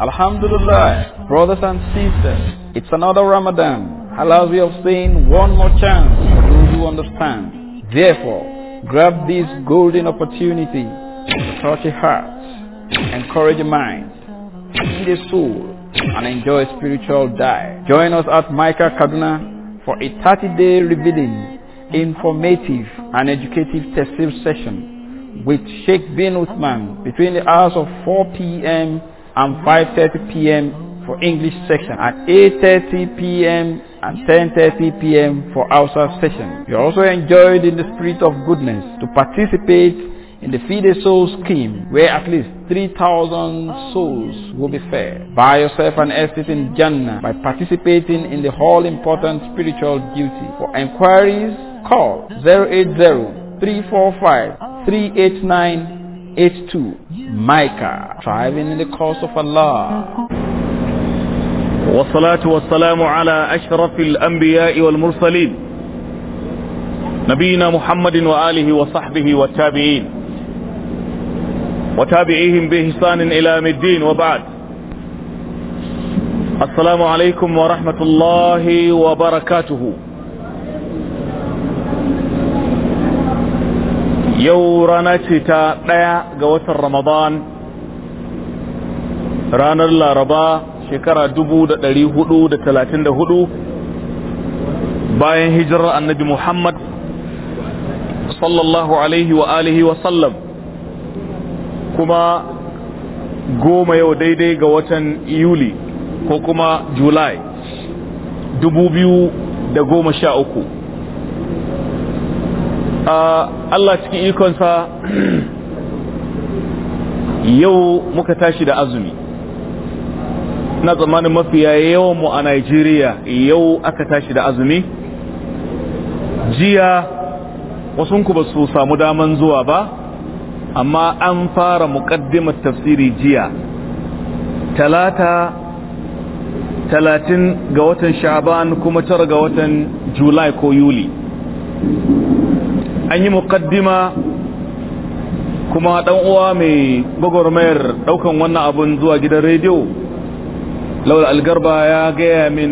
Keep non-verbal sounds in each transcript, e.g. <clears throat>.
Alhamdulillah, brothers and sisters, it's another Ramadan. Allah we have seen one more chance for those who understand. Therefore, grab this golden opportunity to touch a heart, encourage a mind, feed a soul, and enjoy a spiritual diet. Join us at Micah Kaduna for a 30-day revealing, informative, and educative testing session with Sheikh bin Uthman between the hours of 4 p.m and 5.30 p.m. for English section, at 8.30 p.m. and 10.30 p.m. for Hausa session. You are also enjoyed in the spirit of goodness to participate in the Feed a Soul scheme, where at least 3,000 souls will be fed. Buy yourself an estate in Jannah by participating in the all important spiritual duty. For inquiries, call 080 345 389 182 Micah striving in the cause of Allah والصلاة والسلام على أشرف الأنبياء والمرسلين نبينا محمد وآله وصحبه والتابعين وتابعيهم بإحسان إلى الدين وبعد السلام عليكم ورحمة الله وبركاته yau rana ce ta ɗaya ga watan ramadan ranar laraba shekara hudu bayan hijirar annabi muhammad sallallahu alaihi wa alihi wa sallam kuma goma yau daidai ga watan yuli ko kuma julai uku. Allah cikin ikonsa yau muka tashi da azumi na tsammanin mafiya yawan mu a Najeriya yau aka tashi da azumi jiya wasunku ba su samu daman zuwa ba amma an fara muƙaddimar tafsiri jiya talata talatin ga watan sha'ban kuma tara ga watan julai ko yuli an yi mukaddima kuma dan uwa mai gwagwarmayar daukan wannan abun zuwa gidan rediyo laula algarba ya gaya min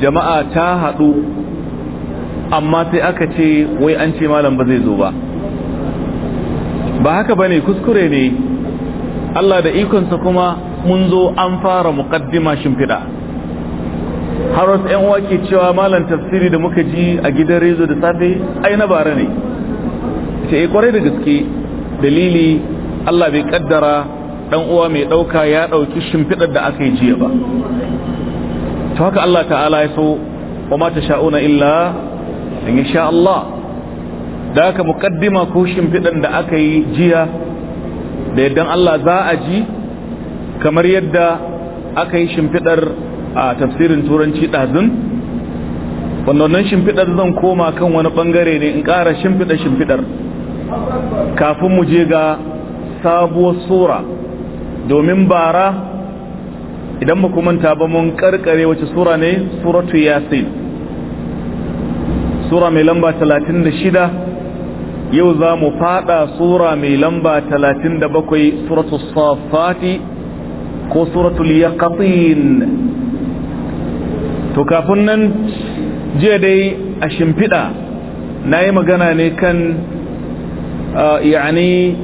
jama'a ta haɗu amma sai aka ce wai an ce malam ba zai zo ba ba haka bane kuskure ne Allah da ikonsa kuma mun zo an fara mukaddima shimfiɗa har wasu 'yan uwa ke cewa malam tafsiri da muka ji a gidan rezo da safe ai na bara ne ce eh kwarai da gaske dalili Allah bai kaddara dan uwa mai dauka ya dauki shimfidar da aka yi jiya ba to haka Allah ta'ala ya so wa ma tasha'una illa in sha Allah da haka muqaddima ko shimfidan da aka yi jiya da yaddan Allah za a ji kamar yadda aka yi shimfidar a tafsirin turanci ɗazun, wannan shimfidar zan koma kan wani bangare ne in ƙara shimfida shimfidar kafin mu je ga sabuwar sura domin bara idan ba manta ba mun karkare wace sura ne suratu yasin sura mai lamba 36 yau za mu fada sura mai lamba 37 suratu safati ko suratu yaqatin to kafin nan jiya dai a shimfiɗa na yi magana ne kan yani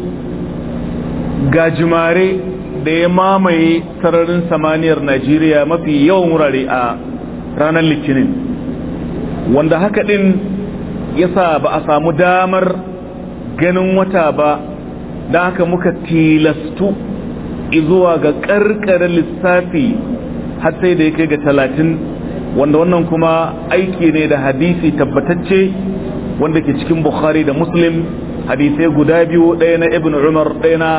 gajimare da ya mamaye sararin samaniyar najeriya mafi yawan wurare a ranar litinin wanda haka din ya sa ba a samu damar ganin wata ba da haka muka tilastu izuwa ga karkar lissafi har sai da ya kai ga talatin wanda wannan kuma aiki ne da hadisi tabbatacce wanda ke cikin bukhari da muslim hadisai guda biyu ɗaya na ibn umar ɗaya na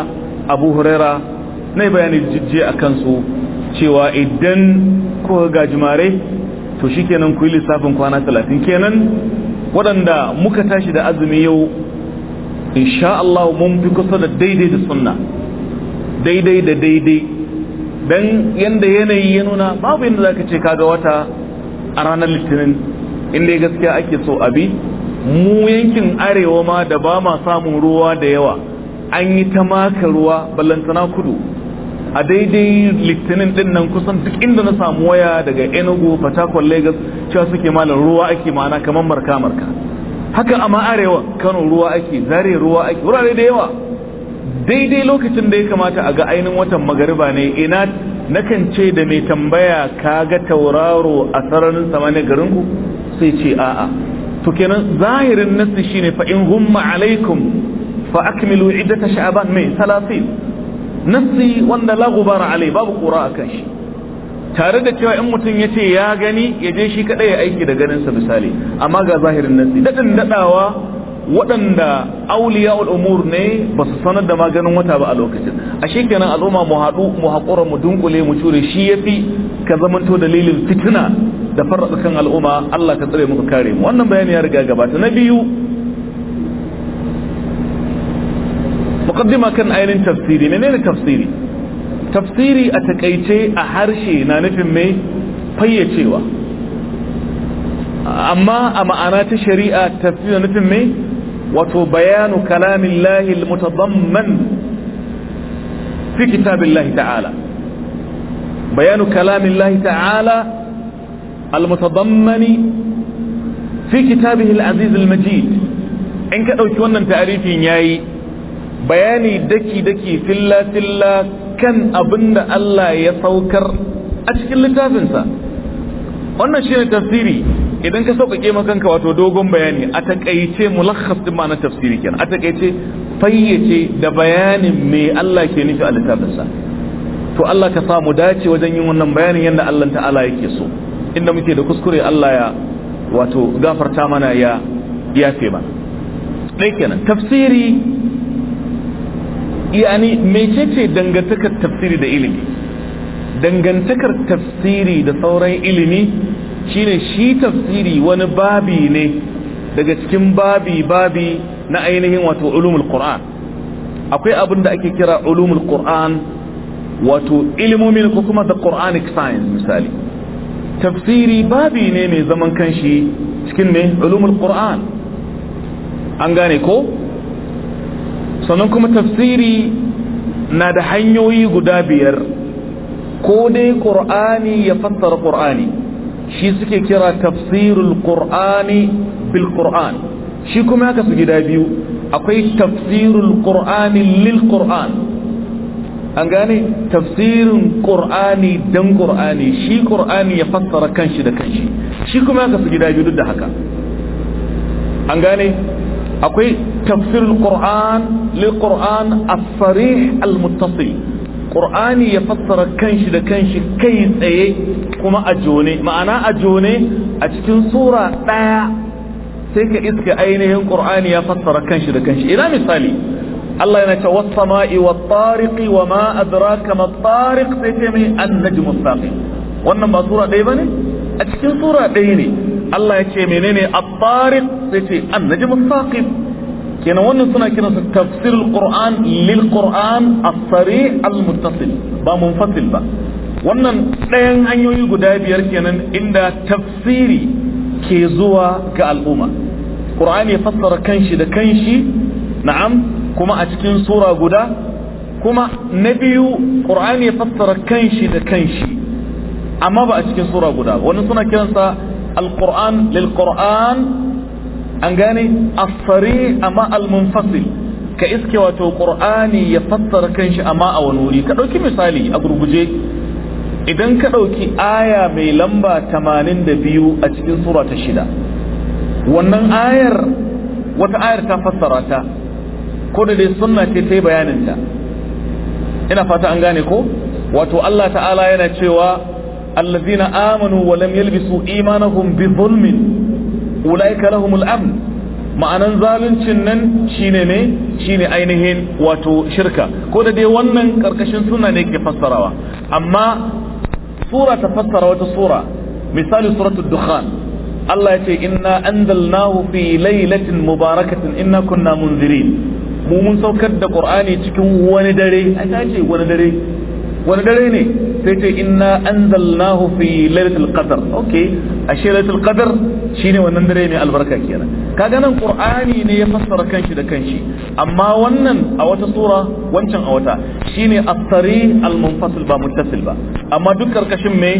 abu huraira na bayani jijje a kansu cewa idan kuka gajimare to shi kenan ku yi lissafin kwana talatin kenan waɗanda muka tashi da azumi yau insha Allah mun fi kusa da daidai da sunna daidai da daidai dan yanda yanayi ya nuna babu yadda zaka ce kaga wata a ranar litinin inda gaskiya ake so abi mu yankin arewa ma da ba ma samun ruwa da yawa an yi ta maka ruwa ballantana kudu a daidai litinin din nan kusan duk inda na samu waya daga enugu Fatakon lagos cewa suke malin ruwa ake mana kamar marka marka haka amma arewa kano ruwa ake zare ruwa ake wurare da yawa daidai lokacin da ya kamata a ga ainihin watan magariba ne ina nakan ce da mai tambaya ka ga tauraro a sararin sama garinku sai ce a'a to kenan zahirin nasi shine fa in humma alaikum fa akmilu iddata sha'ban mai 30 nasi wanda la gubara alai babu kura kan shi tare da cewa in mutum ya ce ya gani ya je shi kaɗai ya aiki da ganinsa misali amma ga zahirin nasi daɗin daɗawa waɗanda auliya umur ne ba su sanar da maganin wata ba a lokacin a kenan al'umma mu haɗu mu haƙura mu dunkule mu cure shi ya fi ka zamanto dalilin fitina da farraɗa kan al'umma Allah ka tsare muka kare mu wannan bayani ya riga gabata na biyu muqaddima kan ainihin tafsiri menene tafsiri tafsiri a takaice a harshe na nufin mai fayyacewa amma a ma'ana ta shari'a tafsiri na nufin mai wato bayanu kalamin lahil mutadamman fi kitabin lahi ta'ala bayanu kalamin lahi ta'ala المتضمن في كتابه العزيز المجيد إن كدوك وانا تعريف ياي بياني دكي دكي سلا سلا كان أبن الله يسوكر أشكل لتافنسا wannan shine tafsiri idan ka sauƙaƙe kanka wato dogon bayani a takaice mulakhas din na tafsiri kenan a takaice fayyace da bayanin me Allah ke nufi a littafinsa to Allah ka samu dace wajen yin wannan bayanin yadda Allah ta'ala yake so inda muke da kuskure Allah ya wato gafarta mana ya yafe mana ɗai kenan tafsiri yani mecece dangantakar tafsiri da ilimi dangantakar tafsiri da sauran ilimi shine shi tafsiri wani babi ne daga cikin babi babi na ainihin wato ulumul qur'an akwai abin da ake kira ulumul qur'an wato ilimomin ko kuma da quranic science misali tafsiri babi ne mai zaman kanshi cikin mai ulumul qur'an an gane ko sannan kuma tafsiri na da hanyoyi guda biyar ko dai qur'ani ya fassara qur'ani shi suke kira tafsirul qur'ani bil qur'an shi kuma haka su gida biyu akwai tafsirul qur'ani lil qur'an an gane tafsirin ƙur'ani dan ƙur'ani shi ƙur'ani ya fassara kanshi da kanshi shi kuma ya kasu gida biyu duk da haka an gane akwai tafsirin ƙur'an li ƙur'an al almuttasi ƙur'ani ya fassara kanshi da kanshi kai tsaye kuma a jone ma'ana a jone a cikin sura ɗaya sai ka iska ainihin ƙur'ani ya fassara kanshi da kanshi ina misali Allah yana cewa was-sama'i wa tariqi wa ma adraka mat-tariq sai ce mai an-najmu saqi wannan ba sura ɗaya bane a cikin sura ɗaya ne Allah ya ce menene at-tariq sai ce an-najmu saqi kenan wannan suna kiransa tafsir al-Qur'an lil-Qur'an as-sari' al-muttasil ba munfasil ba wannan ɗayan hanyoyi guda biyar kenan inda tafsiri ke zuwa ga al'umma Qur'ani ya fassara kanshi da kanshi na'am kuma a cikin sura guda kuma na biyu ƙur'ani ya fassara kanshi da kanshi amma ba a cikin sura guda wani suna kiransa lil ƙur'an, an gane asari amma almunfasil ka iske wato ƙur'ani ya fassara kanshi amma a wani wuri ka ɗauki misali a gurguje idan ka ɗauki aya mai lamba 82 a cikin sura ta shida wannan ayar wata ayar ta fassara ta ko da dai sunna ce ta yi bayaninta ina fata an gane ko wato Allah ta'ala yana cewa allazina amanu wa lam yalbisu imanahum bi zulmin ulaika lahumul amn ma'anan zaluncin nan shine ne shine ainihin wato shirka ko da dai wannan karkashin sunna ne ke fassarawa amma sura ta fassara wata sura misali suratul dukhan Allah ya ce inna anzalnahu fi lailatin mubarakatin inna kunna munzirin mu mun saukar da qur'ani cikin wani dare a ce wani dare wani dare ne sai ce inna anzalnahu fi lailatul qadr okay ashe lailatul qadr shine wannan dare mai albarka kenan kaga nan qur'ani ne ya fassara kanshi da kanshi amma wannan a wata sura wancan a wata shine as-sari al-munfasil ba muttasil ba amma duk karkashin me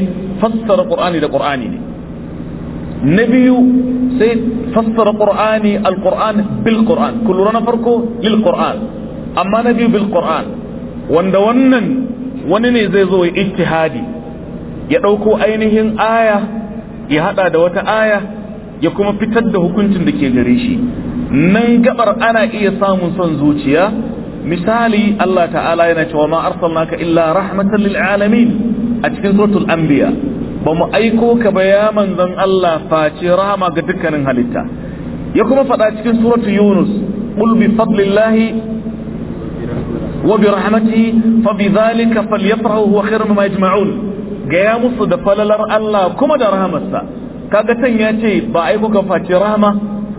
fassara qur'ani da qur'ani ne na biyu sai fassara qur'ani alqur'an bil qur'an kullu na farko bil qur'an amma na biyu bil qur'an wanda wannan wani ne zai zo ya ijtihadi ya ɗauko ainihin aya ya haɗa da wata aya ya kuma fitar da hukuncin da ke gare shi nan gabar ana iya samun son zuciya misali Allah ta'ala yana cewa ma arsalnaka illa rahmatan lil alamin a cikin suratul anbiya ba mu aiko ka ba ya manzan Allah face rahama ga dukkanin halitta ya kuma faɗa cikin suratu yunus qul bi fadlillahi وبرحمته فبذلك فليفرحوا هو خير مما يجمعون gaya musu da falalar Allah kuma da rahamarsa kaga tan ya ce ba aiko kuka face rahama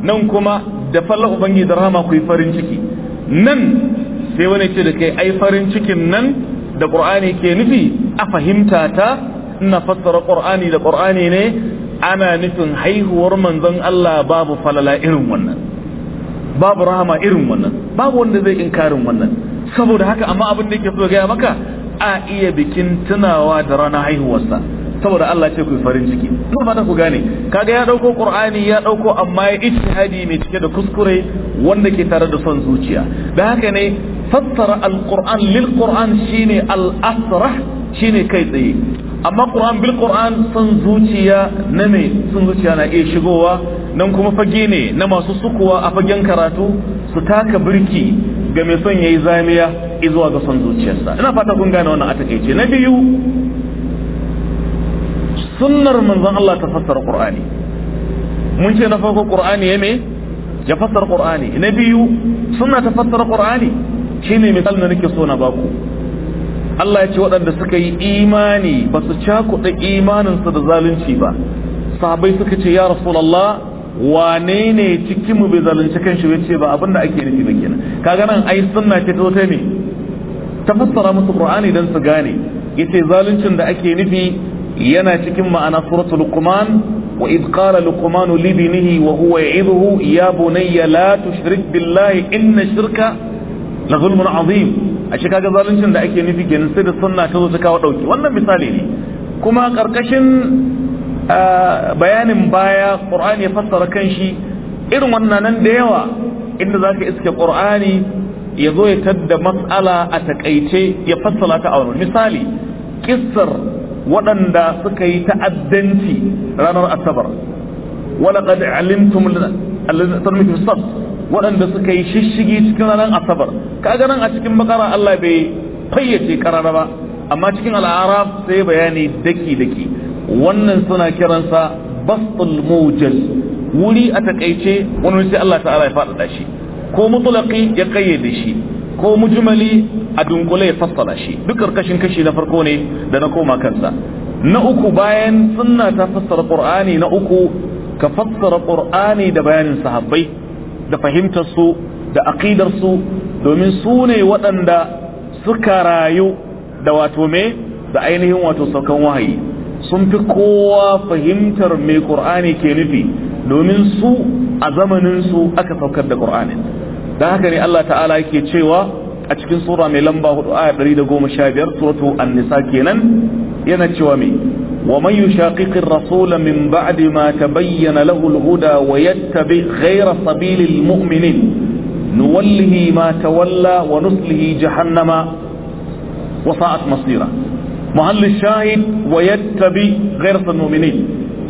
nan kuma da falalar ubangiji da rahama ku yi farin ciki nan sai wani ce da kai ai farin cikin nan da qur'ani ke nufi a fahimta ta ina fassara qur'ani da qur'ani ne ana nufin haihuwar manzon Allah babu falala irin wannan babu rahama irin wannan babu wanda zai inkarin wannan saboda haka amma abin da yake so gaya maka a iya bikin tunawa da ranar haihuwarsa saboda Allah ce ku farin ciki ina fata ku gane kaga ya dauko qur'ani ya dauko amma ya ijtihadi mai cike da kuskure wanda ke tare da son zuciya da haka ne fassara alquran lilquran shine al-asrah shine kai tsaye amma qur'an bil qur'an sun zuciya na me sun zuciya na iya shigowa nan kuma fage ne na masu sukuwa a fagen karatu su taka birki ga mai son yayi zamiya izuwa ga son zuciyarsa ina fata kun gane wannan a takeice na biyu sunnar manzon Allah ta fassara qur'ani mun ce na farko qur'ani ya mai ya fassara qur'ani na biyu sunna ta fassara qur'ani shine misalin da nake so na baku Allah ya ce waɗanda suka yi imani ba su cakuɗa imaninsu da zalunci ba sahabai suka ce ya rasulallah wane ne cikin mu bai zalunci kan shi ce ba abinda ake nufi ba kenan kaga nan ai sunna ce ta ta ne ta fassara musu qur'ani dan su gane yace zaluncin da ake nufi yana cikin ma'ana suratul luqman وإذ قال لقمان لابنه وهو يعظه يا بني لا تشرك بالله إن الشرك لظلم عظيم a shi kaga zaluncin da ake nufi kenan sai da sunna ta zo ta kawo dauki wannan misali ne kuma karkashin bayanin baya qur'ani ya fassara kanshi irin wannan nan da yawa inda zaka iske qur'ani ya zo ya tadda mas'ala a takaice ya fassala ta a misali kissar waɗanda suka yi ta'addanci ranar asabar wala علمتم الذين ترمي في waɗanda suka yi shishigi cikin ranar asabar kaga nan a cikin bakara Allah bai fayyace karara ba amma cikin al'araf sai bayani daki daki wannan suna kiransa bastul mujal wuri a takaice wani sai Allah ta'ala ya faɗaɗa shi ko mutlaqi ya kayyade shi ko mujmali a dunkule ya fassara shi duk karkashin kashi na farko ne da na koma kansa na uku bayan sunna ta fassara qur'ani na uku ka fassara qur'ani da bayanin sahabbai da fahimtarsu da aƙidarsu domin su ne waɗanda suka rayu da wato me da ainihin wato saukan wahayi sun fi kowa fahimtar mai ƙur'ani ke nufi domin su a zamaninsu aka saukar da ƙur'anin da haka ne Allah ta'ala yake cewa a cikin sura mai lamba 4 aya 115 suratu an-nisa kenan yana cewa me wa man yushaqiqi ar-rasula min ba'di ma tabayyana lahu al-huda wa yattabi ghayra sabili al-mu'minin nuwallihi ma tawalla wa nuslihi jahannama wa sa'at masira shahid wa yattabi ghayra al-mu'minin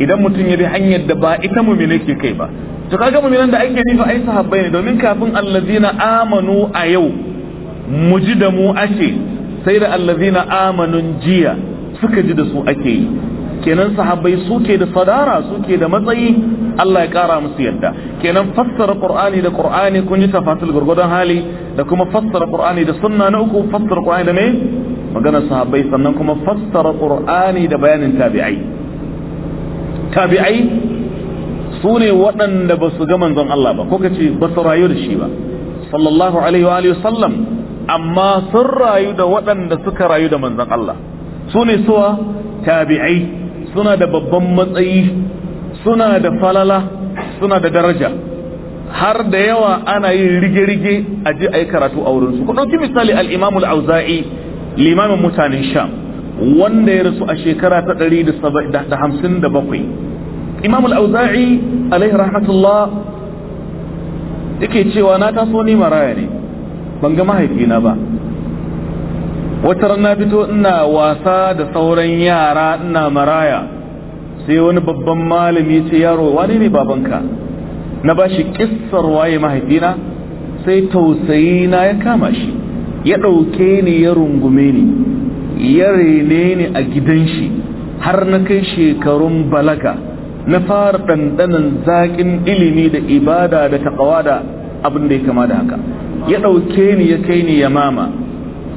idan mutun yabi hanyar da ba ita mu'mini ke kai ba to kaga muminan da ake nufi ai sahabbai ne domin kafin allazina amanu a yau mu ji da mu ake sai da allazina amanun jiya suka ji da su ake yi kenan sahabbai suke da sadara suke da matsayi Allah ya kara musu yadda kenan fassara qur'ani da qur'ani kun ji tafasil gurgudan hali da kuma fassara qur'ani da sunna na uku fassara qur'ani da me magana sahabbai sannan kuma fassara qur'ani da bayanin tabi'ai tabi'ai su ne waɗanda ba su ga manzon Allah ba ko kace ba su rayu da shi ba sallallahu alaihi wa alihi sallam amma sun rayu da waɗanda suka rayu da manzan Allah su ne suwa tabi'ai suna da babban matsayi suna da falala suna da daraja har da yawa ana yin rige-rige a ji a yi karatu a wurinsu ku ɗauki misali al'imamu al'auza'i limamin mutanen sham wanda ya rasu a shekara ta 157 imam al'auza'i alaihi rahmatullah yake cewa na taso ni maraya ne ban ga mahaifina ba wata na fito ina wasa da sauran yara ina maraya sai wani babban malami ce yaro wani ne babanka na ba shi kissar waye mahaifina sai tausayi na ya kama shi ya ɗauke ni ya rungume ni ya rene ni a gidan shi har na kai shekarun balaga na fara ɗanɗanan zaƙin ilimi da ibada da taƙawa da abin da ya kama da haka ya ɗauke ni ya kai ni yamama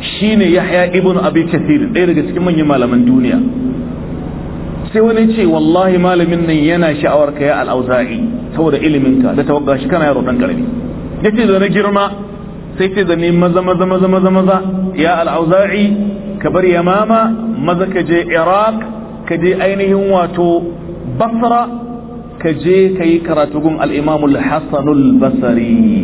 shi ne yahya ibn abi kasir ɗaya daga cikin manyan malaman duniya sai wani ce wallahi malamin nan yana sha'awar ka ya al'auza'i saboda iliminka da tawagga shi kana yaro dan karami ya da na girma sai ce da ni maza maza maza maza maza ya al'auza'i ka bar yamama maza ka je iraq ka je ainihin wato basra ka je ka yi karatu gun al'imamul hassanul basari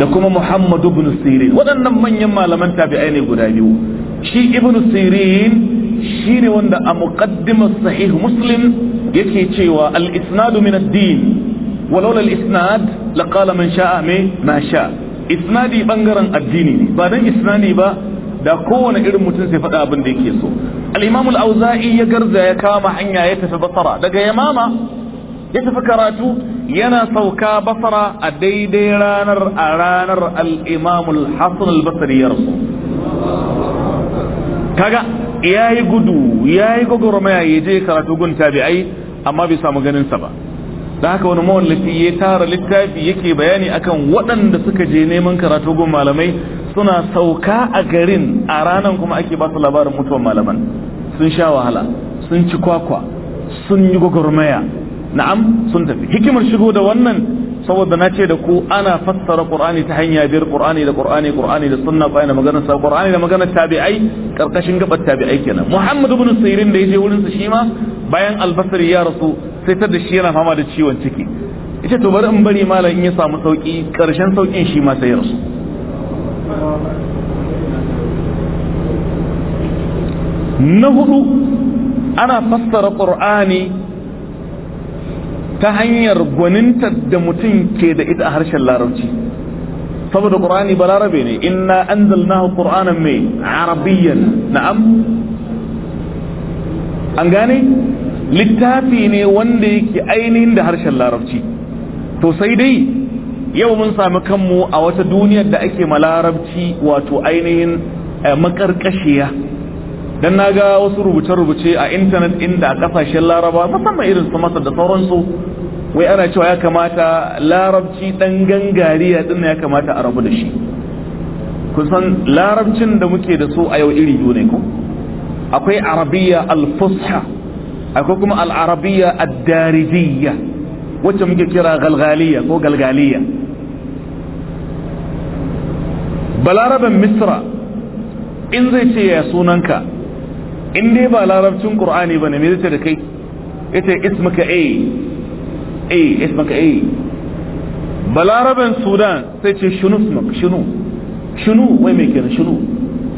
da kuma Muhammadu ibn Sirin waɗannan manyan malaman tabi'ai ne guda biyu shi ibn Sirin shi ne wanda a muqaddimar sahih Muslim yake cewa al-isnad min ad-din walau al-isnad laqala man sha'a ma sha isnadi bangaren addini ne ba dan isnadi ba da kowane irin mutum sai faɗa abin da yake so al-imam al-auza'i ya garza ya kama hanya ya tafi basara daga yamama ya tafi karatu yana sauka basara a daidai ranar a ranar al'imamul hasan al kaga ya yi gudu ya yi gwagwarmaya ya je karatu gun tabi'ai amma bai samu ganinsa ba da haka wani mawallafi ya tara littafi yake bayani akan waɗanda suka je neman karatu gun malamai suna sauka a garin a ranar kuma ake ba su labarin mutuwar malaman sun sha wahala sun ci kwakwa sun yi gwagwarmaya na'am sun tafi hikimar shigo da wannan saboda na ce da ku ana fassara qur'ani ta hanya biyar qur'ani da qur'ani qur'ani da sunna qur'ani da maganar sa qur'ani da maganar tabi'ai karkashin gabar tabi'ai kenan muhammad ibn sirin da yaje wurin sa shi ma bayan albasari ya rasu sai ta da shi yana fama da ciwon ciki ita to bari in bari malam in ya samu sauki karshen saukin shi ma sai rasu na hudu ana fassara qur'ani ta hanyar gwaninta da mutum ke da ita a harshen larabci saboda ba larabe ne inna anzalnahu qur'anan mai arabiyyan na'am an gane littafi ne wanda yake ainihin da harshen larabci to sai dai yau mun sami kanmu a wata duniyar da ake ma larabci wato ainihin eh, makarkashiya dan na ga wasu rubuce-rubuce a intanet inda a kasashen laraba musamman irin su masar da sauransu wai ana cewa ya kamata larabci dan gangariya din ya kamata a rabu da shi kusan larabcin da muke da su a yau iri biyu ne ko akwai arabiya al-fusha akwai kuma al-arabiya ad-daridiyya wacce muke kira galgaliya ko galgaliya Balaraben misra in zai ce ya sunanka in dai ba larabcin qur'ani bane me zai ce da kai yace ismuka a a ismuka a balaraban sudan sai ce shunu ismuk shunu shunu wai me kenan shunu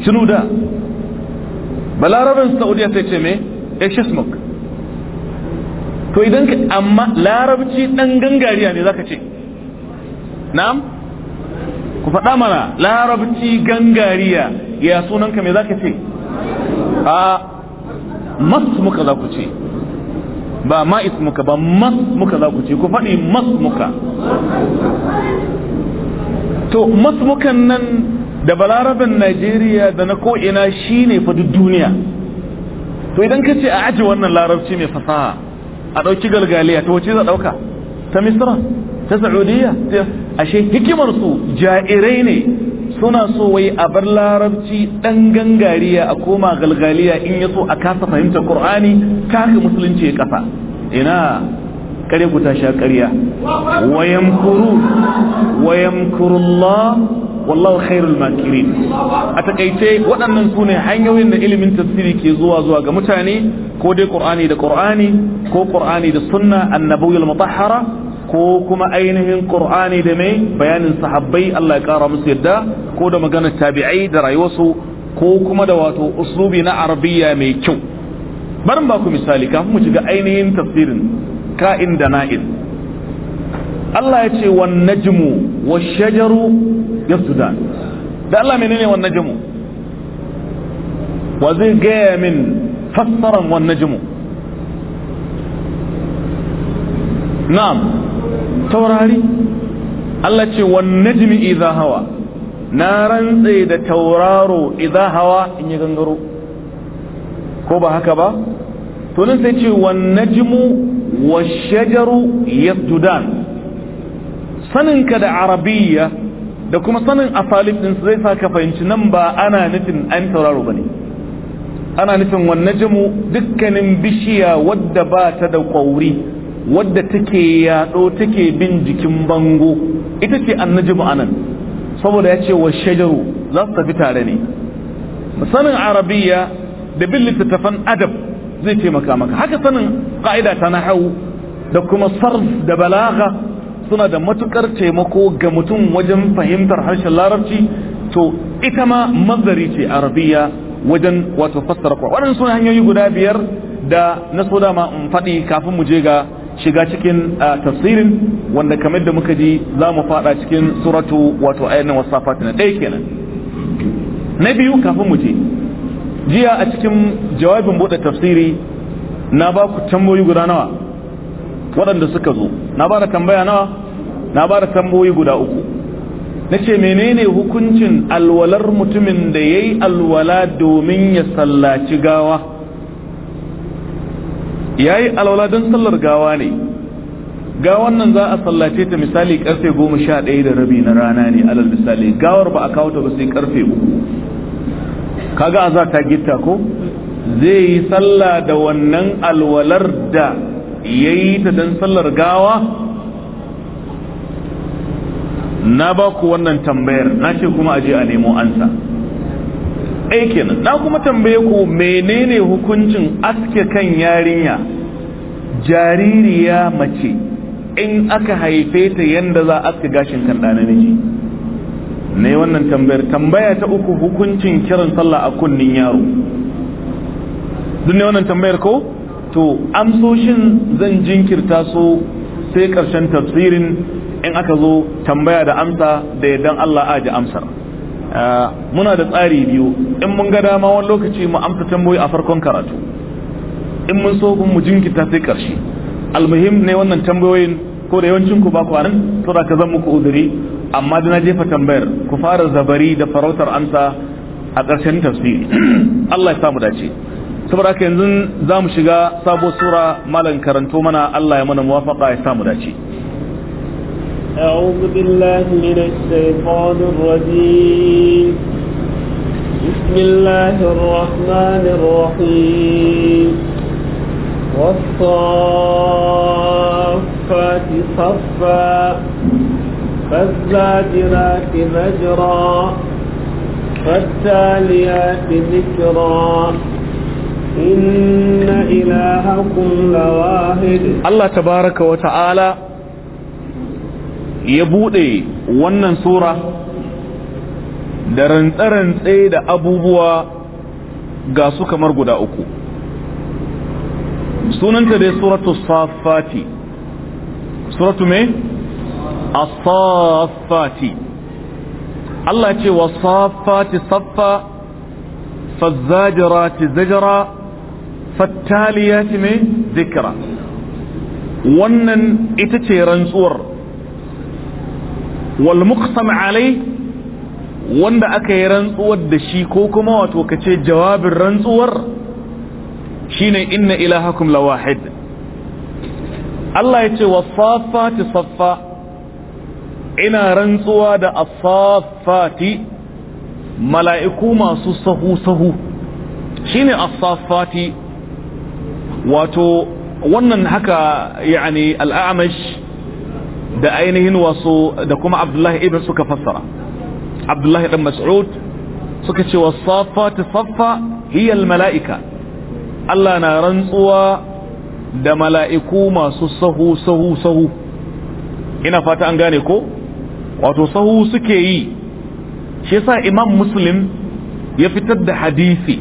shunu da balaraban saudiya sai ce me ish ismuk to idan amma larabci dan gangariya ne zaka ce na'am ku faɗa mana larabci gangariya ya sunanka me zaka ce a mas muka za ku ce ba ma is muka ba mas muka za ku ce ku faɗi mas muka to mas mukan nan da balaraben najeriya da na ko'ina shi ne fa duniya to idan ka ce a aji wannan larabci mai fasaha a ɗauki galgaliya ta wace za ɗauka ta misra ta sa'udiyya ashe hikimar su jairai ne suna so wai a bar larabci dan gangariya a koma galgaliya in ya so a kasa fahimta qur'ani kafi musulunci ya kafa ina kare ku ta ƙarya wayamkuru wayamkurullah wallahu khairul makirin a takaice waɗannan su ne hanyoyin da ilimin tafsiri ke zuwa zuwa ga mutane ko dai qur'ani da qur'ani ko qur'ani da sunna al mutahhara ko kuma ainihin qur'ani da mai bayanin sahabbai Allah ya kara musu yadda ko da magana tabi'ai da rayuwarsu ko kuma da wato uslubi na arabiya mai kyau barin ba ku misali kafin mu shiga ainihin tafsirin ka'in da na'in Allah ya ce wan najmu wash shajaru yasjudan da Allah menene wan najmu wa zai gaya min fassaran wan najmu na'am taurari Allah ce wanne najmi idha hawa na rantse da tauraro iza hawa in yi gangaro ko ba haka ba to nan sai ce wanne najmu wash-shajaru saninka da arabiyya da kuma sanin asalin din zai sa ka fahimci nan ba ana nufin an tauraro bane ana nufin wanne najmu dukkanin bishiya wadda ba ta da kwauri wadda take yado take bin jikin bango ita ce annajmu anan saboda ya ce wa shajaru za su tafi tare ne sanin arabiya da bin littattafan adab zai taimaka maka haka sanin ƙa'ida ta hau da kuma sarf da balaga suna da matukar taimako ga mutum wajen fahimtar harshen larabci to ita ma mazari ce arabiya wajen wato fassara kwa waɗansu hanyoyi guda biyar da na so dama in faɗi kafin mu je ga shiga cikin tafsirin wanda kamar da muka ji za mu fada cikin suratu wato ayanin wasafat na ɗaya kenan na biyu kafin mu je jiya a cikin jawabin bude tafsiri na ba ku tambayoyi guda nawa waɗanda suka zo na ba da tambaya nawa na ba da tambayoyi guda uku na ce menene hukuncin alwalar mutumin da ya yi alwala domin ya sallaci gawa yayi alwala don sallar gawa ne gawan nan za a sallace ta misali karfe goma sha ɗaya da rabi na rana ne alal misali gawar ba a kawo ta ba sai karfe uku kaga a za ta gitta ko zai yi salla da wannan alwalar da ya yi ta don sallar gawa na ba ku wannan tambayar na ce kuma aje a nemo ansa ɗaya kenan na kuma tambaye ku menene hukuncin aske kan yarinya jaririya mace in aka haife ta yadda za aske gashin kan ɗana miji ne wannan tambayar tambaya ta uku hukuncin kiran sallah a kunnin yaro duk ne wannan tambayar ko to amsoshin zan jinkirta su sai ƙarshen tafsirin in aka zo tambaya da amsa da yadda Allah a amsar Eh, muna da tsari biyu in mun ga dama wani lokaci mu amsa tambayoyi a farkon karatu in mun so mu jinkita sai karshe almuhim ne wannan tambayoyin ko da yawancin ku ba ku anan to da ka zan muku uzuri amma da na jefa tambayar ku fara zabari da farautar amsa a ƙarshen tafsiri <clears throat> Allah ya samu dace saboda haka yanzu za mu shiga sabo sura malam karanto mana Allah ya mana muwafaqa ya samu dace أعوذ بالله من الشيطان الرجيم بسم الله الرحمن الرحيم والصافات صفا فالزاجرات زجرا فالتاليات ذكرا إن إلهكم لواحد الله تبارك وتعالى ya buɗe wannan sura da rantsarantse da abubuwa ga su kamar guda uku sunanta dai suratu safati suratu me? asafati Allah ce wa safati saffa fazzajirati zajara ci me? zikira wannan ita ce rantsuwar walmuktam alai wanda aka yi rantsuwar da shi ko kuma wato kace jawabin rantsuwar shine inna ilahakum lawahid Allah ya ce wasafati saffa ina rantsuwa da asafati mala'iku masu sahu sahu shine asafati wato wannan haka yani al'amash da ainihin wasu da kuma abdullahi ibn suka fassara abdullahi Ibn mas'ud suka ce wasafati saffa hiya mala'ika Allah na rantsuwa da mala'iku masu sahu sahu sahu ina fata an gane ko wato sahu suke yi shi yasa imam muslim ya fitar da hadisi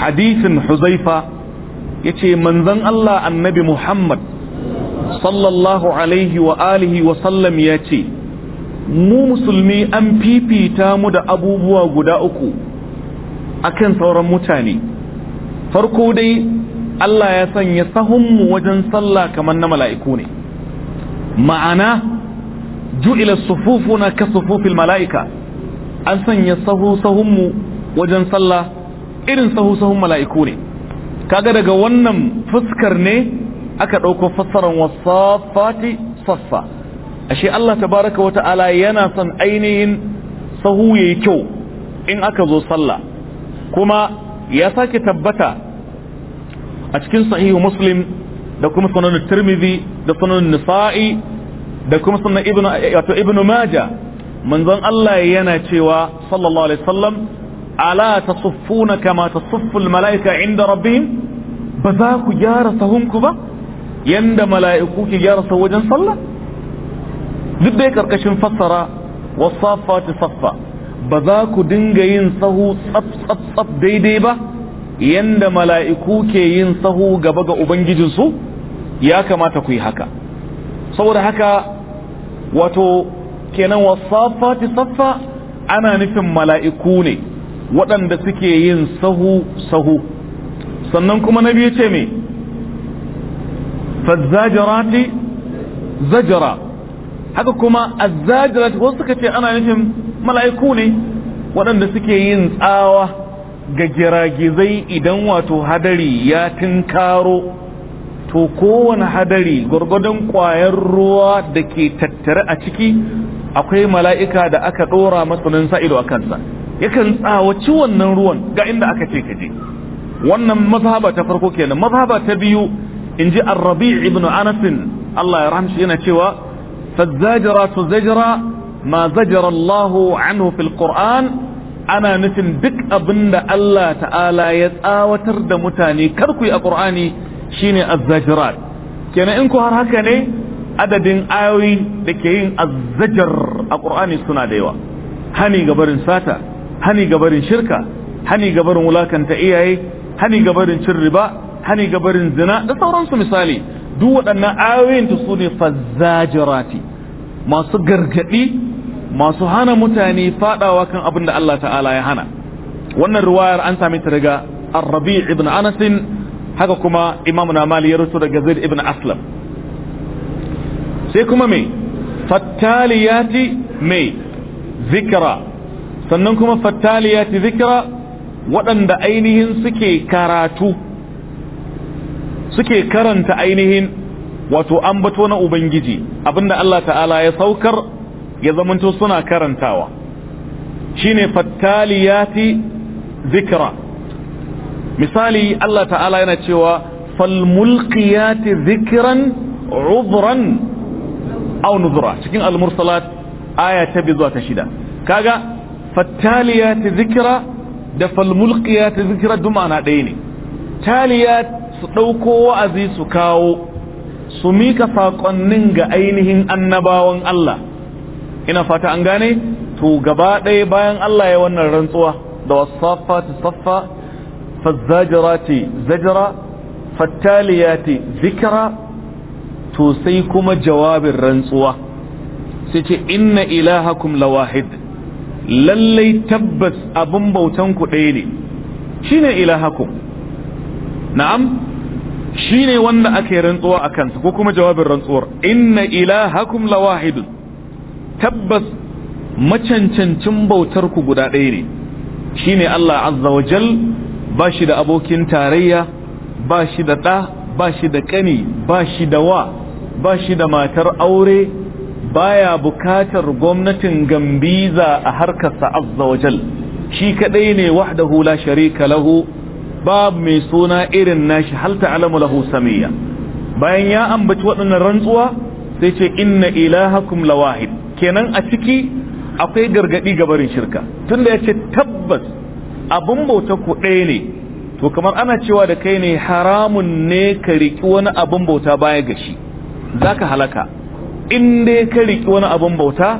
hadisin huzaifa yace manzon Allah annabi Muhammad sallallahu alaihi wa alihi wa sallam ya ce mu musulmi an fifita mu da abubuwa guda uku akan sauran mutane farko dai Allah ya sanya sahunmu wajen sallah kamar na mala'iku ne ma'ana ju'ila na ka sufufil mala'ika an sanya sahu sahunmu wajen sallah irin sahu sahun mala'iku ne kaga daga wannan fuskar ne aka ɗauko fassarar wasafati saffa ashe Allah tabaraka wa ta'ala yana son ainihin sahu yayi kyau in aka zo sallah kuma ya sake tabbata a cikin sahihu muslim da kuma sunan tirmidhi da sunan nisa'i da kuma sunan ibnu wato ibnu majah manzon Allah yana cewa sallallahu alaihi wasallam ala tasuffuna kama tasuffu mala'ika inda rabbihim ba za ku gyara sahunku ba yanda mala'iku ke gyara sa wajen sallah duk dai karkashin fassara wasafati saffa ba za ku dinga yin sahu tsaf tsaf tsaf daidai ba yanda mala'iku ke yin sahu gaba ga ubangijinsu ya kamata ku yi haka saboda haka wato kenan wasafati saffa ana nufin mala'iku ne waɗanda suke yin sahu sahu sannan kuma na biyu ce me. fazzajarati zajara haka kuma azzajarat wasu ka ce ana nufin mala'iku ne waɗanda suke yin tsawa ga giragizai idan wato hadari ya tinkaro to kowane hadari gwargwadon ƙwayar ruwa da ke tattare a ciki akwai mala'ika da aka ɗora matsanin sa'ido a kansa yakan tsawaci wannan ruwan ga inda aka ce ka je wannan mazhaba ta farko kenan mazhaba ta biyu in ji arrabi ibn anasin Allah ya rahamshi yana cewa fazzajira su zajira ma zajira Allahu anhu fil Qur'an ana nufin duk abin da Allah ta'ala ya tsawatar da mutane karku ku a Qur'ani shine azzajirat kenan in ku har haka ne adadin ayoyi da ke yin azzajar a Qur'ani suna da yawa hani ga barin sata hani ga barin shirka hani ga barin wulakanta iyaye hani ga barin cin riba hani ga barin zina da sauransu misali duk waɗannan ayoyin ta su ne fazzajirati masu gargaɗi masu hana mutane faɗawa kan abin da Allah ta'ala ya hana wannan ruwayar an sami ta daga arrabi ibn anasin haka kuma imamu na mali ya daga zaid ibn aslam sai kuma mai fattaliyati mai zikira sannan kuma fattaliyati zikira waɗanda ainihin suke karatu suke karanta ainihin wato ambato na ubangiji abinda Allah ta'ala ya saukar ya zamanto suna karantawa shine fattaliyati zikra misali Allah ta'ala yana cewa falmulqiyati zikran udran aw nuzra cikin al aya ta bi zuwa ta shida kaga fattaliyati zikra da falmulqiyati zikra duma na ɗaya ne taliyat su ɗauko wa'azi su kawo su mika saƙonnin ga ainihin annabawan Allah ina fata an gane to gaba ɗaya bayan Allah ya wannan rantsuwa da wasafati saffa fazzajirati zajira fattaliyati zikira to sai kuma jawabin rantsuwa sai ce inna ilahakum lawahid lallai tabbas abin bautan ku ɗaya ne shine ilahakum na'am shine wanda aka yi rantsuwa a kansa ko kuma jawabin rantsuwar inna ilahakum lawahidun tabbas macancancin bautar ku guda ɗaya ne shine Allah azza wa jal ba shi da abokin tarayya ba shi da ɗa ba shi da ƙani ba shi da wa ba shi da matar aure baya bukatar gwamnatin gambiza a harkarsa azza wa jal shi kaɗai ne wahdahu la sharika lahu babu mai suna irin nashi hal ta'lamu lahu samiyya bayan ya ambaci waɗannan rantsuwa sai ce inna ilahakum lawahid kenan a ciki akwai gargadi ga barin shirka tunda yace tabbas abun bauta ku ɗaya ne to kamar ana cewa da kai ne haramun ne ka riki wani abun bauta baya ga shi zaka halaka in dai ka riki wani abun bauta